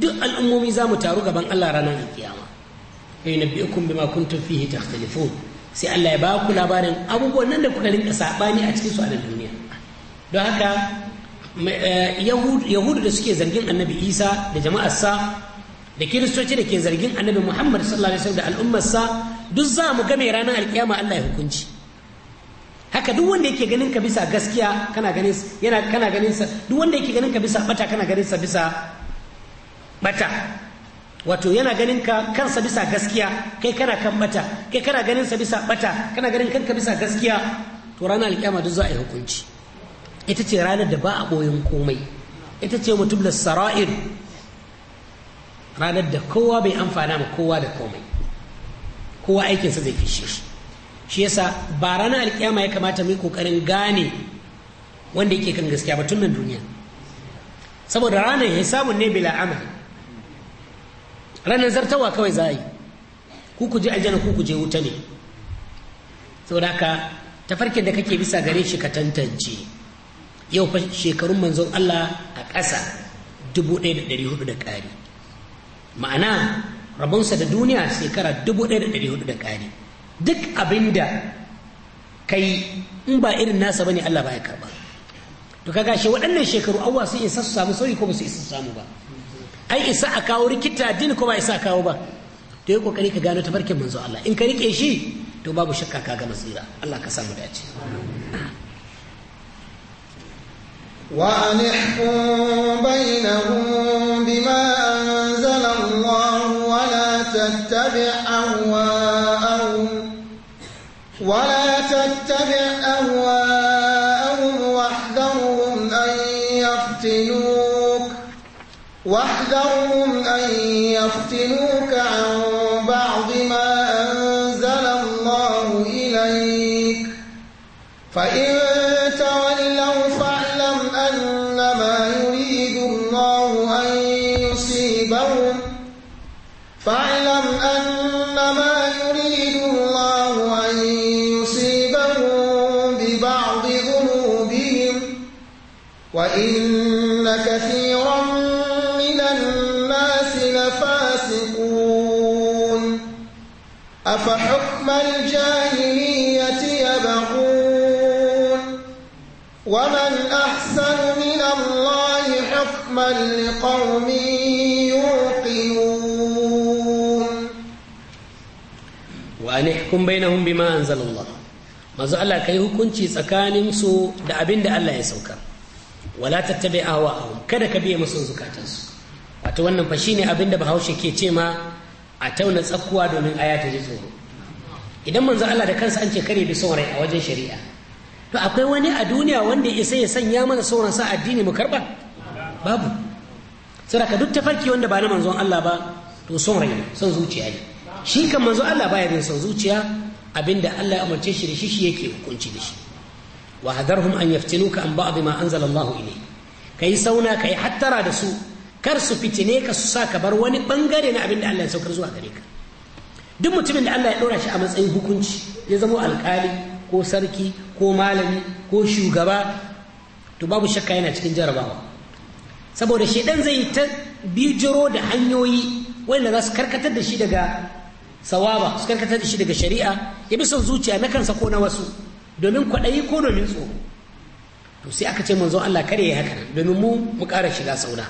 duk al'ummomi za mu taru gaban Allah ranar kiyama kai nabbi'ukum bima kuntum fihi takhtalifun sai Allah ya ba ku labarin abubuwan nan da kuka rinka sabani a cikin su a duniya don haka eh, yahudu da suke zargin annabi isa da sa da kiristoci da ke zargin annabi muhammad sallallahu alaihi wasallam da sa duk za mu game ranar alkiyama Allah ya hukunci haka duk wanda yake ganin ka bisa gaskiya kana ganin yana kana ganin sa duk wanda yake ganin ka bisa bata kana ganin sa bisa bata wato yana ganin ka kansa bisa gaskiya kai kana kan bata kai kana ganin sa bisa bata kana ganin kanka bisa gaskiya to ranar alƙiyama duk za a yi hukunci ita ce ranar da ba a boyin komai ita ce mutum da sara'ir ranar da kowa bai amfana ma kowa da komai kowa aikinsa zai fishe shi shi yasa ba ranar alkiyama ya kamata mu yi kokarin gane wanda yake kan gaskiya ba tun nan duniya saboda ranar hisabun ne bila amal ranar zartawa kawai za a yi ku ku je aljanna ku ku je wuta ne saboda haka tafarkin da kake bisa gare shi ka tantance yau fa shekarun manzon Allah a ƙasa dubu ɗaya da ɗari hudu da ƙari ma'ana rabonsa da duniya shekara dubu ɗaya da ɗari hudu da ƙari duk abin da ka yi in ba irin nasa ba ne Allah ba ya karba to kaga shi waɗannan shekaru awwa su isa su samu sauri ko ba su isa su samu ba ai isa a kawo rikita din ko ba isa a kawo ba to yi kokari ka gano tafarkin manzo Allah in ka rike shi to babu shakka ka ga matsira Allah ka samu dace وأن احكم بينهم بما أنزل الله ولا تتبع فاحذرهم أن يفتنوك عن بعض ما أنزل الله إليك فإن تولوا فاعلم أن ما يريد الله أن يصيبهم فاعلم أنما يريد الله أن يصيبهم ببعض ذنوبهم وإن فاسقون أفحكم الجاهلية يبغون ومن أحسن من الله حكما لقوم يوقنون وأن يحكم بينهم بما أنزل الله manzo Allah kai hukunci tsakanin su da abin da Allah ya sauka wala tattabi ahwa'ahum kada ka biye musu zukatansu wato wannan fa shine abin da bahaushe ke ce ma a tauna tsakuwa domin aya ta ji tsoro idan manzo Allah da kansa an ce kare bi son rai a wajen shari'a to akwai wani a duniya wanda ya ya sanya mana sauran sa addini mu karba babu saboda duk tafarki wanda ba na manzon Allah ba to son rai son zuciya ne shi kan manzo Allah baya bin son zuciya abinda Allah ya umarce shi da shi shi yake hukunci da shi wa hadarhum an yaftinuka an ba'd ma anzala Allah ilayk kai sauna kai hattara da su kar su fitine ka su sa ka bar wani bangare na abin da Allah ya saukar zuwa gare ka duk mutumin da Allah ya ɗora shi a matsayin hukunci ya zamo alkali ko sarki ko malami ko shugaba to babu shakka yana cikin jarabawa saboda shi ɗan zai ta bijiro da hanyoyi wanda za su karkatar da shi daga sawaba su karkatar da shi daga shari'a ya bi son zuciya na kansa ko na wasu domin kwaɗayi ko domin tsoro to sai aka ce manzon Allah kare ya haka domin mu mu ƙara shiga sauna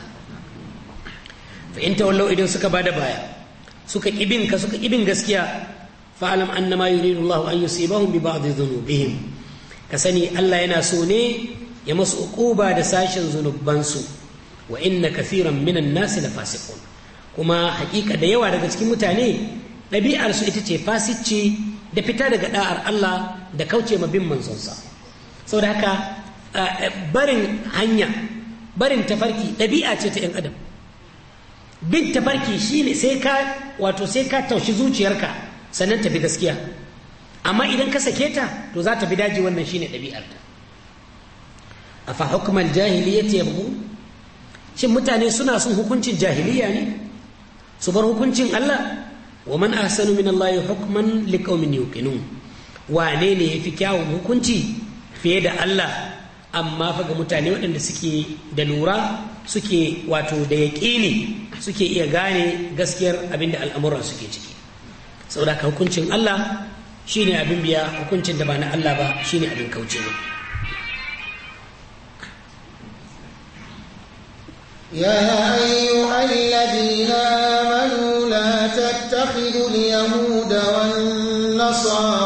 fa in idan suka ba da baya suka ƙibin ka suka gaskiya Fa'alam alam annama yuridu Allah an yusibahum bi ba'd zunubihim. ka sani Allah yana so ne ya masu uquba da sashen zunubansu wa inna kafiran minan nasi lafasiqun kuma hakika da yawa daga cikin mutane ɗabi'ar su ita ce fasici da fita daga ɗa'ar Allah da kauce ma bin manzonsa saboda haka barin hanya barin tafarki ɗabi'a ce ta 'yan adam bin tafarki ne sai ka wato sai ka taushi zuciyarka sannan tafi gaskiya amma idan ka sake ta to za ta bi daji wannan shi shine ɗabi'arta hukumar jahiliya ta yabu shin mutane suna sun hukuncin jahiliya ne su bar hukuncin Allah wa man ahsanu min Allah hukman liqaumin yuqinun wane ne ya fi kyawun hukunci fiye da Allah amma fa ga mutane waɗanda suke da lura suke wato da yaƙini suke iya gane gaskiyar abinda al'amuran suke ciki saboda ka hukuncin Allah shine abin biya hukuncin da ba na Allah ba shine abin kauce kaucewa يا أيها الذين آمنوا لا تتخذوا اليهود والنصارى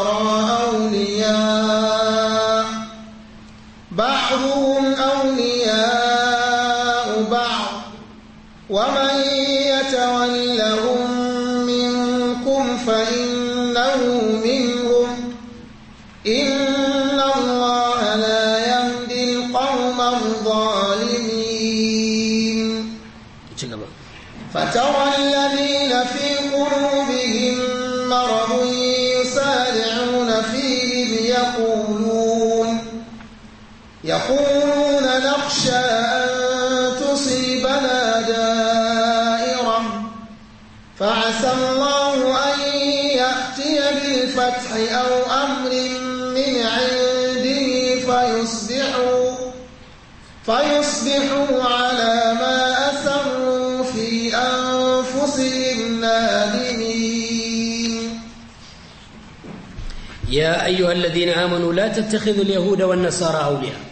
يقولون نخشى أن تصيبنا دائرة فعسى الله أن يأتي بالفتح أو أمر من عنده فيصبحوا, فيصبحوا على ما أسروا في أنفسهم نادمين يا أيها الذين آمنوا لا تتخذوا اليهود والنصارى أولياء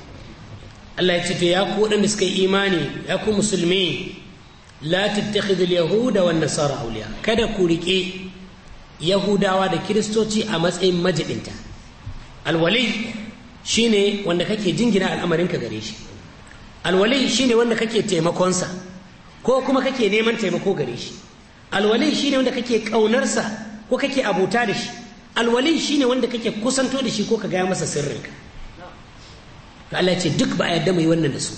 Allah ya ce to ya ku waɗanda suka yi imani ya ku musulmi la tattakhidul yahuda wan nasara awliya kada ku rike yahudawa da kiristoci a matsayin majidinta alwali shine wanda kake jingina ka gare shi alwali shine wanda kake taimakonsa ko kuma kake neman taimako gare shi alwali shine wanda kake kaunarsa ko kake abuta da shi alwali shine wanda kake kusanto da shi ko ka gaya masa sirrinka to Allah ce duk ba a yarda mai wannan da su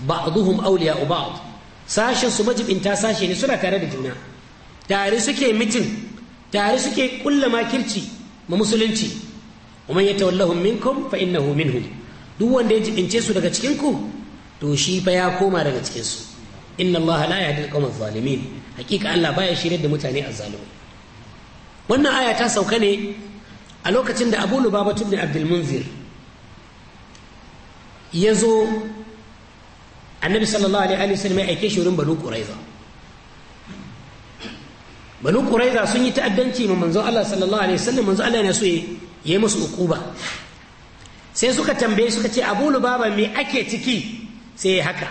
ba ba'dhum awliya ba'd sashen su majibinta sashe ne suna tare da juna tare suke mitin tare suke kulla makirci ma musulunci ومن يتولهم منكم فإنه منهم duk wanda ya jibince su daga cikin ku to shi fa ya koma daga cikin su inna Allah la yahdi al kawar zalimin hakika Allah baya shirye da mutane azzalimi wannan aya ta sauka ne a lokacin da Abu Lubaba ibn Abdul Munzir ya zo annabi sallallahu alaihi wasallam ya aike shi wurin banu quraiza banu quraiza sun yi ta'addanci ma manzo Allah sallallahu alaihi wasallam manzo Allah ne so yi musu ukuba sai suka tambaye suka ce Abu Lubaba me ake ciki sai haka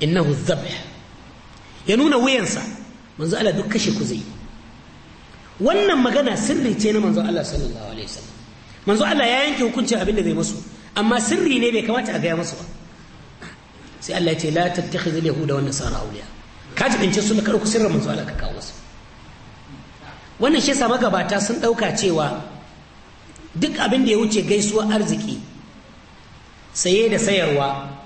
innahu dhabh ya nuna wuyansa manzo Allah duk kashe ku wannan magana sirri ce na manzo Allah sallallahu alaihi wasallam manzo Allah ya yanke hukunci abin da zai musu amma sirri ne bai kamata a gaya musu ba sai Allah ya ce la tattakhidhu yahuda wan nasara awliya ka ji su kar ku sirrin manzo Allah ka kawo musu wannan shi yasa magabata sun dauka cewa duk abin da ya wuce gaisuwar arziki saye da sayarwa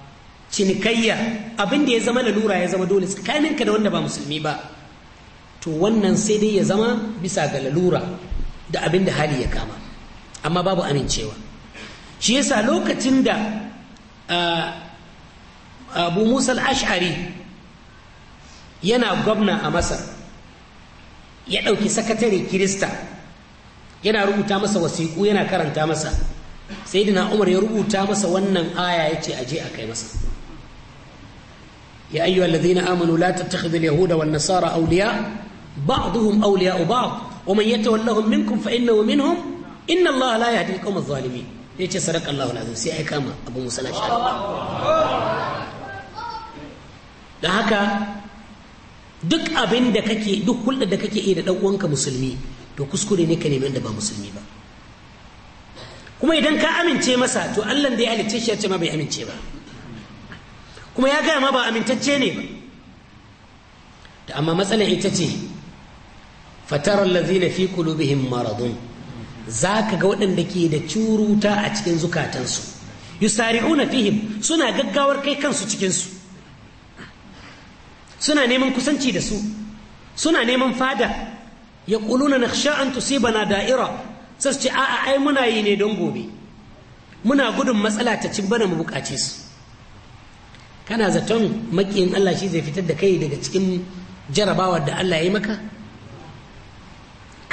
cinikayya abin da ya zama lalura ya zama dole tsakaninka da wanda ba musulmi ba to wannan sai dai ya zama bisa ga lalura da abin da hali ya kama amma babu amincewa shi yasa lokacin da abu musa Ashari yana gwamna a masar ya ɗauki sakatare kirista yana rubuta masa wasiƙu yana karanta masa sai dina umar ya rubuta masa wannan aya ya ce aje a kai masa ya ayyuhal ladina amanu la tattakhidhu yahuda wan nasara awliya ba'dhum awliya'u ba'd wa man yatawallahum minkum fa innahu minhum inna Allah la yahdi al-qawm adh yace sarakar Allahu al-azim sai ai kama Abu Musa al-Ash'ari Da haka duk abin da kake duk hulɗar da kake yi da dan uwanka musulmi to kuskure ne ka nemi da ba musulmi ba kuma idan ka amince masa to Allah da ya halicce shi ya ce ma bai amince ba kuma ya gaya ma ba amintacce ne ba amma matsalar ita ce fatarar lazina fi kulubihim maradun za ka ga waɗanda ke da curuta a cikin zukatansu yusari'una fihim suna gaggawar kai kansu cikinsu suna neman kusanci da su suna neman fada ya ƙuluna na sha'an bana da'ira sas ce a'a ai muna yi ne don gobe muna gudun matsala ta ci bana mu buƙace su kana zaton maƙiyin Allah shi zai fitar da kai daga cikin jarabawar da Allah ya yi maka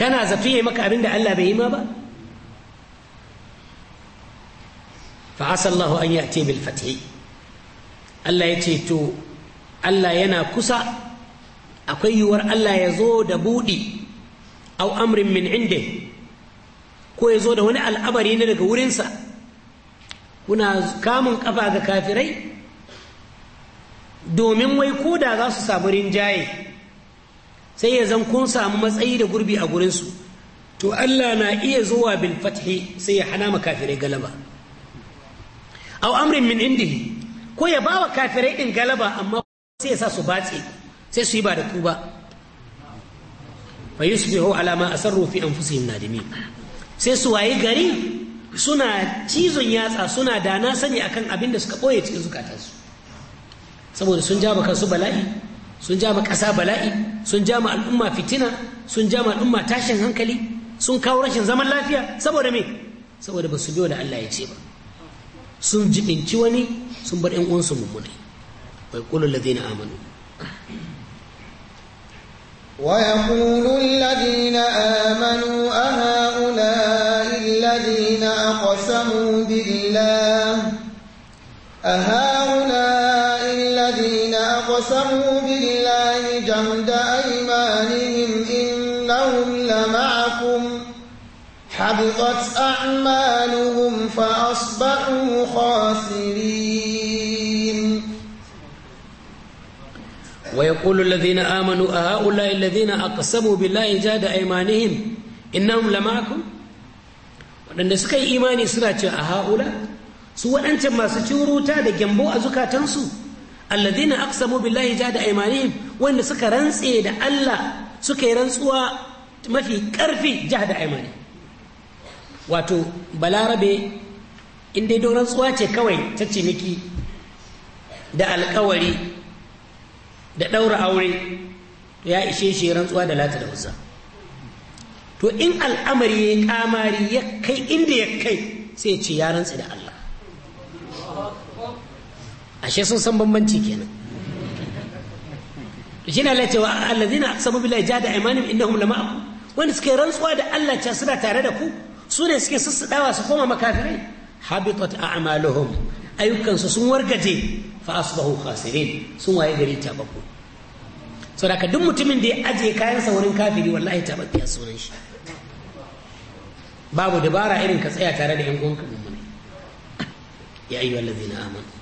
kana zafiye maka abin da Allah bai yi ma ba fa'asallahu asallahu an ya'ti bil fathi Allah ya ce to Allah yana kusa akwai yiwuwar Allah ya zo da buɗi au amrin min inde ko ya zo da wani al'amari ne daga wurinsa kuna kamun kafa ga kafirai domin wai ko za su samu rinjaye sai ya zan kun samu matsayi da gurbi a gurinsu to Allah na iya zuwa bil fathi sai ya hana makafirai galaba aw amrin min indihi ko ya bawa kafirai din galaba amma sai ya sa su batse sai su yi ba da tuba fa yusbihu ala ma asarru fi anfusihim nadimin sai su waye gari suna cizon yatsa suna dana na sani akan abin da suka boye cikin zukatansu saboda sun jaba baka su bala'i sun ja ma ƙasa bala'i sun ja ma al'umma fitina sun ja ma al'umma tashin hankali sun kawo rashin zaman lafiya saboda me saboda ba su biyo da Allah ya ce ba sun jibinci wani sun bar ƴan uwansu mummunai wai qulu alladhina amanu wa yaqulu alladhina amanu a haula alladhina aqsamu billah a وَأَقْسَمُوا بِاللَّهِ جَهْدَ أَيْمَانِهِمْ إِنَّهُمْ لَمَعَكُمْ حبطت أعمالهم فأصبحوا خاسرين ويقول الذين آمنوا أهؤلاء الذين أقسموا بالله جاد أيمانهم إنهم لمعكم waɗanda suka yi imani suna ce a ha'ula su waɗancan masu cin ruta da gyambo a zukatansu alladhina aqsamu billahi jada aymanihim wanda suka rantse da Allah suka rantsuwa mafi karfi jada aymani wato balarabe in dai don rantsuwa ce kawai ta ciniki da alkawari da ɗaura aure to ya ishe shi rantsuwa da lata da wasa to in al'amari ya kamari ya kai inda ya kai sai ce ya rantsi da Allah ashe sun san bambanci kenan shi na lalacewa allazina samu billahi jada imanim innahum lama'akum wanda suke rantsuwa da Allah ta suna tare da ku su ne suke sussudawa su koma makafirai habitat a'maluhum ayyukansu sun wargaje fa asbahu khasirin sun waye gari tababbu saboda ka duk mutumin da ya aje kayansa wurin kafiri wallahi tababbiya sunan shi babu dabara irin ka tsaya tare da yan gonka mummune ya ayyuhallazina amanu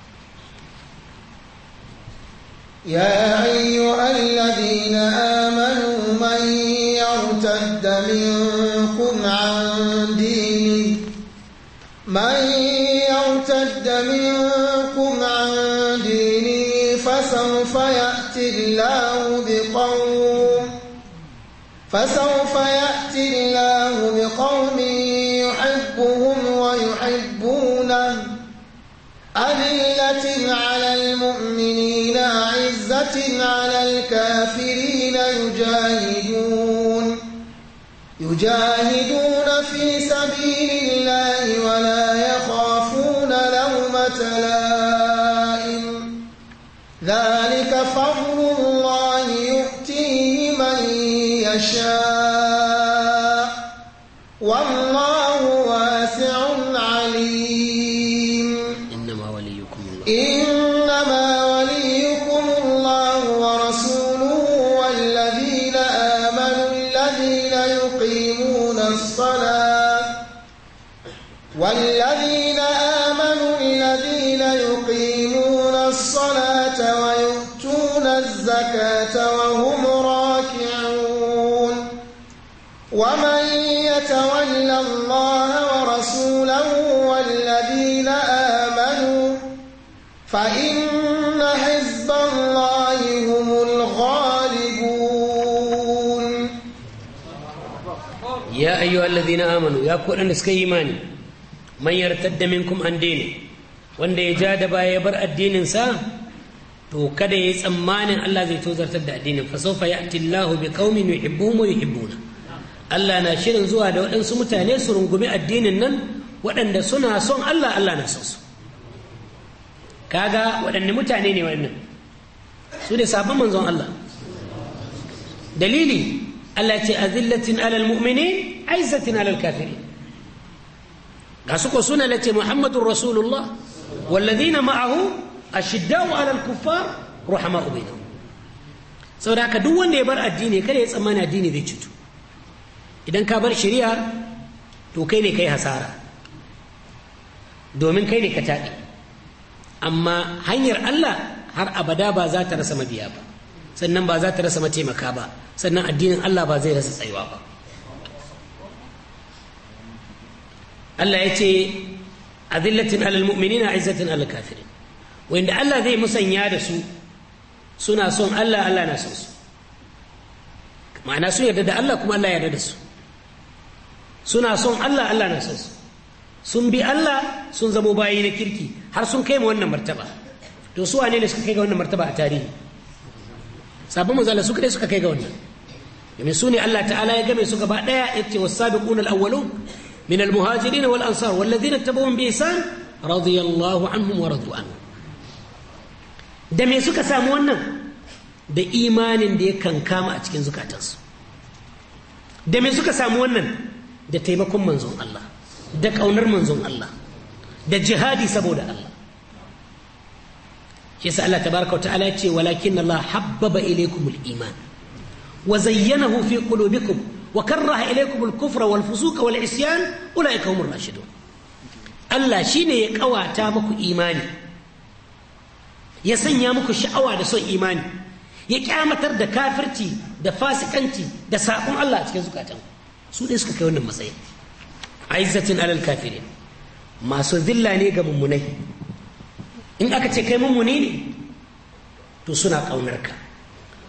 يا أيها الذين آمنوا من يرتد منكم عن دينه من يرتد منكم عن دينه فسوف يأتي الله بقوم فسوف يأتي الله بقوم يحبهم ويحبونه أذلة على المؤمنين على الكافرين يجاهدون يجاهدون في سبيل الله ولا يخافون لومة لائم ذلك فضل الله يؤتيه من يشاء وما فإن حزب الله هم الغالبون يا أيها الذين آمنوا يا كل أنس كيماني من يرتد منكم عن دينه wanda ya ja da baya ya bar addininsa to kada ya yi tsammanin Allah zai tozartar da addinin fa ya ya'ti Allahu bi qaumin yuhibbuhum yuhibbuna Allah na shirin zuwa da waɗansu mutane su rungumi addinin nan waɗanda suna son Allah Allah na son su kaga waɗanne mutane ne waɗannan su ne sabon manzon Allah dalili Allah ce azillatin alal mu'mini aizatin alal kafiri ga su ko suna lace muhammadun rasulullah walladina ma'ahu ashiddaw alal kuffar ruhama'u bainahum saboda haka duk wanda ya bar addini kada ya tsammani addini zai cutu idan ka bar shari'a to kai ne kai hasara domin kai ne ka taɗi amma hanyar Allah har abada ba za ta rasa mabiya ba sannan ba za ta rasa mataimaka ba sannan addinin Allah ba zai rasa tsayuwa ba Allah ya ce azillatin alal mu'minina izzatin alal kafirin wanda Allah zai musanya da su suna son Allah Allah na son su ma'ana sun yarda da Allah kuma Allah yarda da su suna son Allah Allah na son su sun bi Allah sun zamo bayi na kirki har sun kai mu wannan martaba to su wane ne suka kai ga wannan martaba a tarihi sabon manzala su kadai suka kai ga wannan domin su ne Allah ta'ala ya game su gaba daya ya was-sabiquna al-awwalun min al wal ansar wal ladina tabawun bi ihsan radiyallahu anhum wa radu anhu da me suka samu wannan da imanin da ya kankama a cikin zukatansu da me suka samu wannan da taimakon manzon Allah da kaunar manzon Allah da jihadi saboda Allah shi yasa Allah tabaraka wa ta'ala ce walakin Allah habbaba ilaykumul iman wa zayyanahu fi qulubikum wa karraha ilaykumul kufra wal fusuqa wal isyan ulaika humur rashidun Allah shine ya kawata muku imani ya sanya muku sha'awa da son imani ya kyamatar da kafirci da fasikanci da saƙon Allah a cikin zukatan su ne suka kai wannan matsayin aizzatin alal kafirin masu zilla ne ga mummunai in aka ce kai mummuni ne to suna ƙaunarka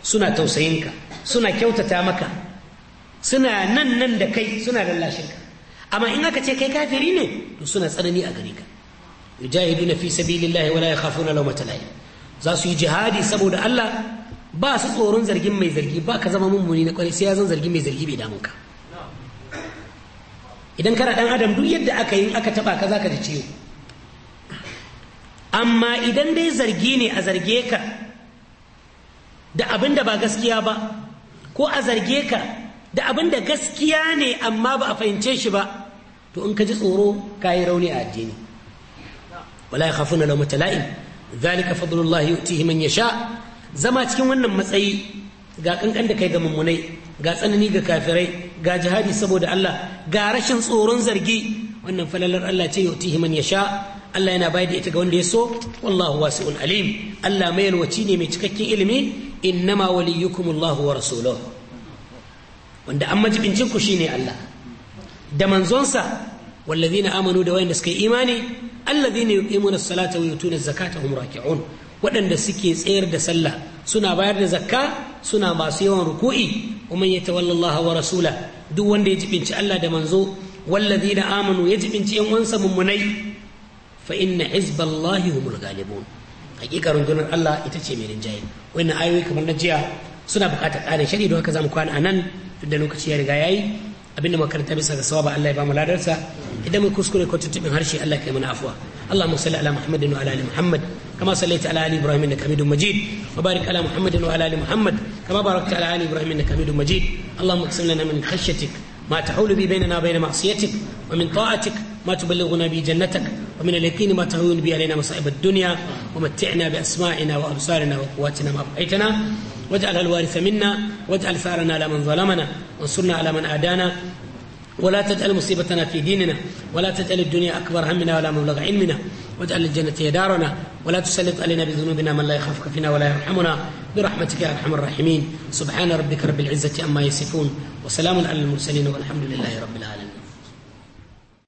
suna tausayinka suna kyautata maka suna nan nan da kai suna lallashinka amma in aka ce kai kafiri ne to suna tsanani a gare ka na fi sabilillahi wala yakhafuna lawmata lahim za su yi jihadi saboda Allah ba su tsoron zargin mai zargi ba ka zama mummuni na kwarai sai ya zan zargin mai zargi bai damun ka idan kana dan adam duk yadda aka yi aka taba ka zaka ka ji ciwo amma idan dai zargi ne a zarge ka da abin ba gaskiya ba ko a zarge ka da abin da gaskiya ne amma ba a fahimce shi ba to in ka ji tsoro ka yi rauni a addini wala ya khafuna na mutala'in zalika fadlullahi yu'tihi man yasha zama cikin wannan matsayi ga kankan da kai ga mummunai ga tsanani ga kafirai ga jihadi saboda Allah ga rashin tsoron zargi wannan falalar Allah ce yau man ya sha Allah yana bayar da ita ga wanda ya so wallahu wasi'un alim Allah mai yalwaci ne mai cikakken ilimi innama waliyukum Allah wa rasuluhu wanda an majibincin ku shine Allah da manzonsa wallazina amanu da wayanda suka yi imani alladhina yuqimuna as-salata wa yutuna az-zakata hum raki'un waɗanda suke tsayar da sallah suna bayar da zakka suna masu yawan ruku'i ومن يتولى الله rasula duk wanda ya jibinci Allah da manzo wallazina amanu ya jibinci yan uwansa mummunai fa inna hizballahi humul ghalibun hakika rundunar Allah ita ce mai rinjaye wannan ayoyi kamar na jiya suna buƙatar ƙarin shari don haka zamu kwana anan duk da lokaci ya riga yayi abinda makaranta bisa ga sawaba Allah ya ba mu ladarsa idan mu kuskure ko tuntuɓin harshe Allah ya yi mana afuwa Allahumma salli ala Muhammadin alali ala Muhammad كما صليت على ال ابراهيم انك حميد مجيد وبارك على محمد وعلى ال محمد كما باركت على ال ابراهيم انك حميد مجيد اللهم اقسم لنا من خشيتك ما تحول بي بيننا وبين معصيتك ومن طاعتك ما تبلغنا به جنتك ومن اليقين ما تهون به علينا مصائب الدنيا ومتعنا بأسماعنا وأبصارنا وقواتنا ما أبقيتنا واجعل الوارث منا واجعل ثارنا على من ظلمنا وانصرنا على من عادانا ولا تجعل مصيبتنا في ديننا ولا تجعل الدنيا أكبر همنا ولا مبلغ علمنا واجعل الجنة هي دارنا ولا تسلط علينا بذنوبنا من لا يخافك فينا ولا يرحمنا برحمتك يا أرحم الراحمين سبحان ربك رب العزة أما يصفون وسلام على المرسلين والحمد لله رب العالمين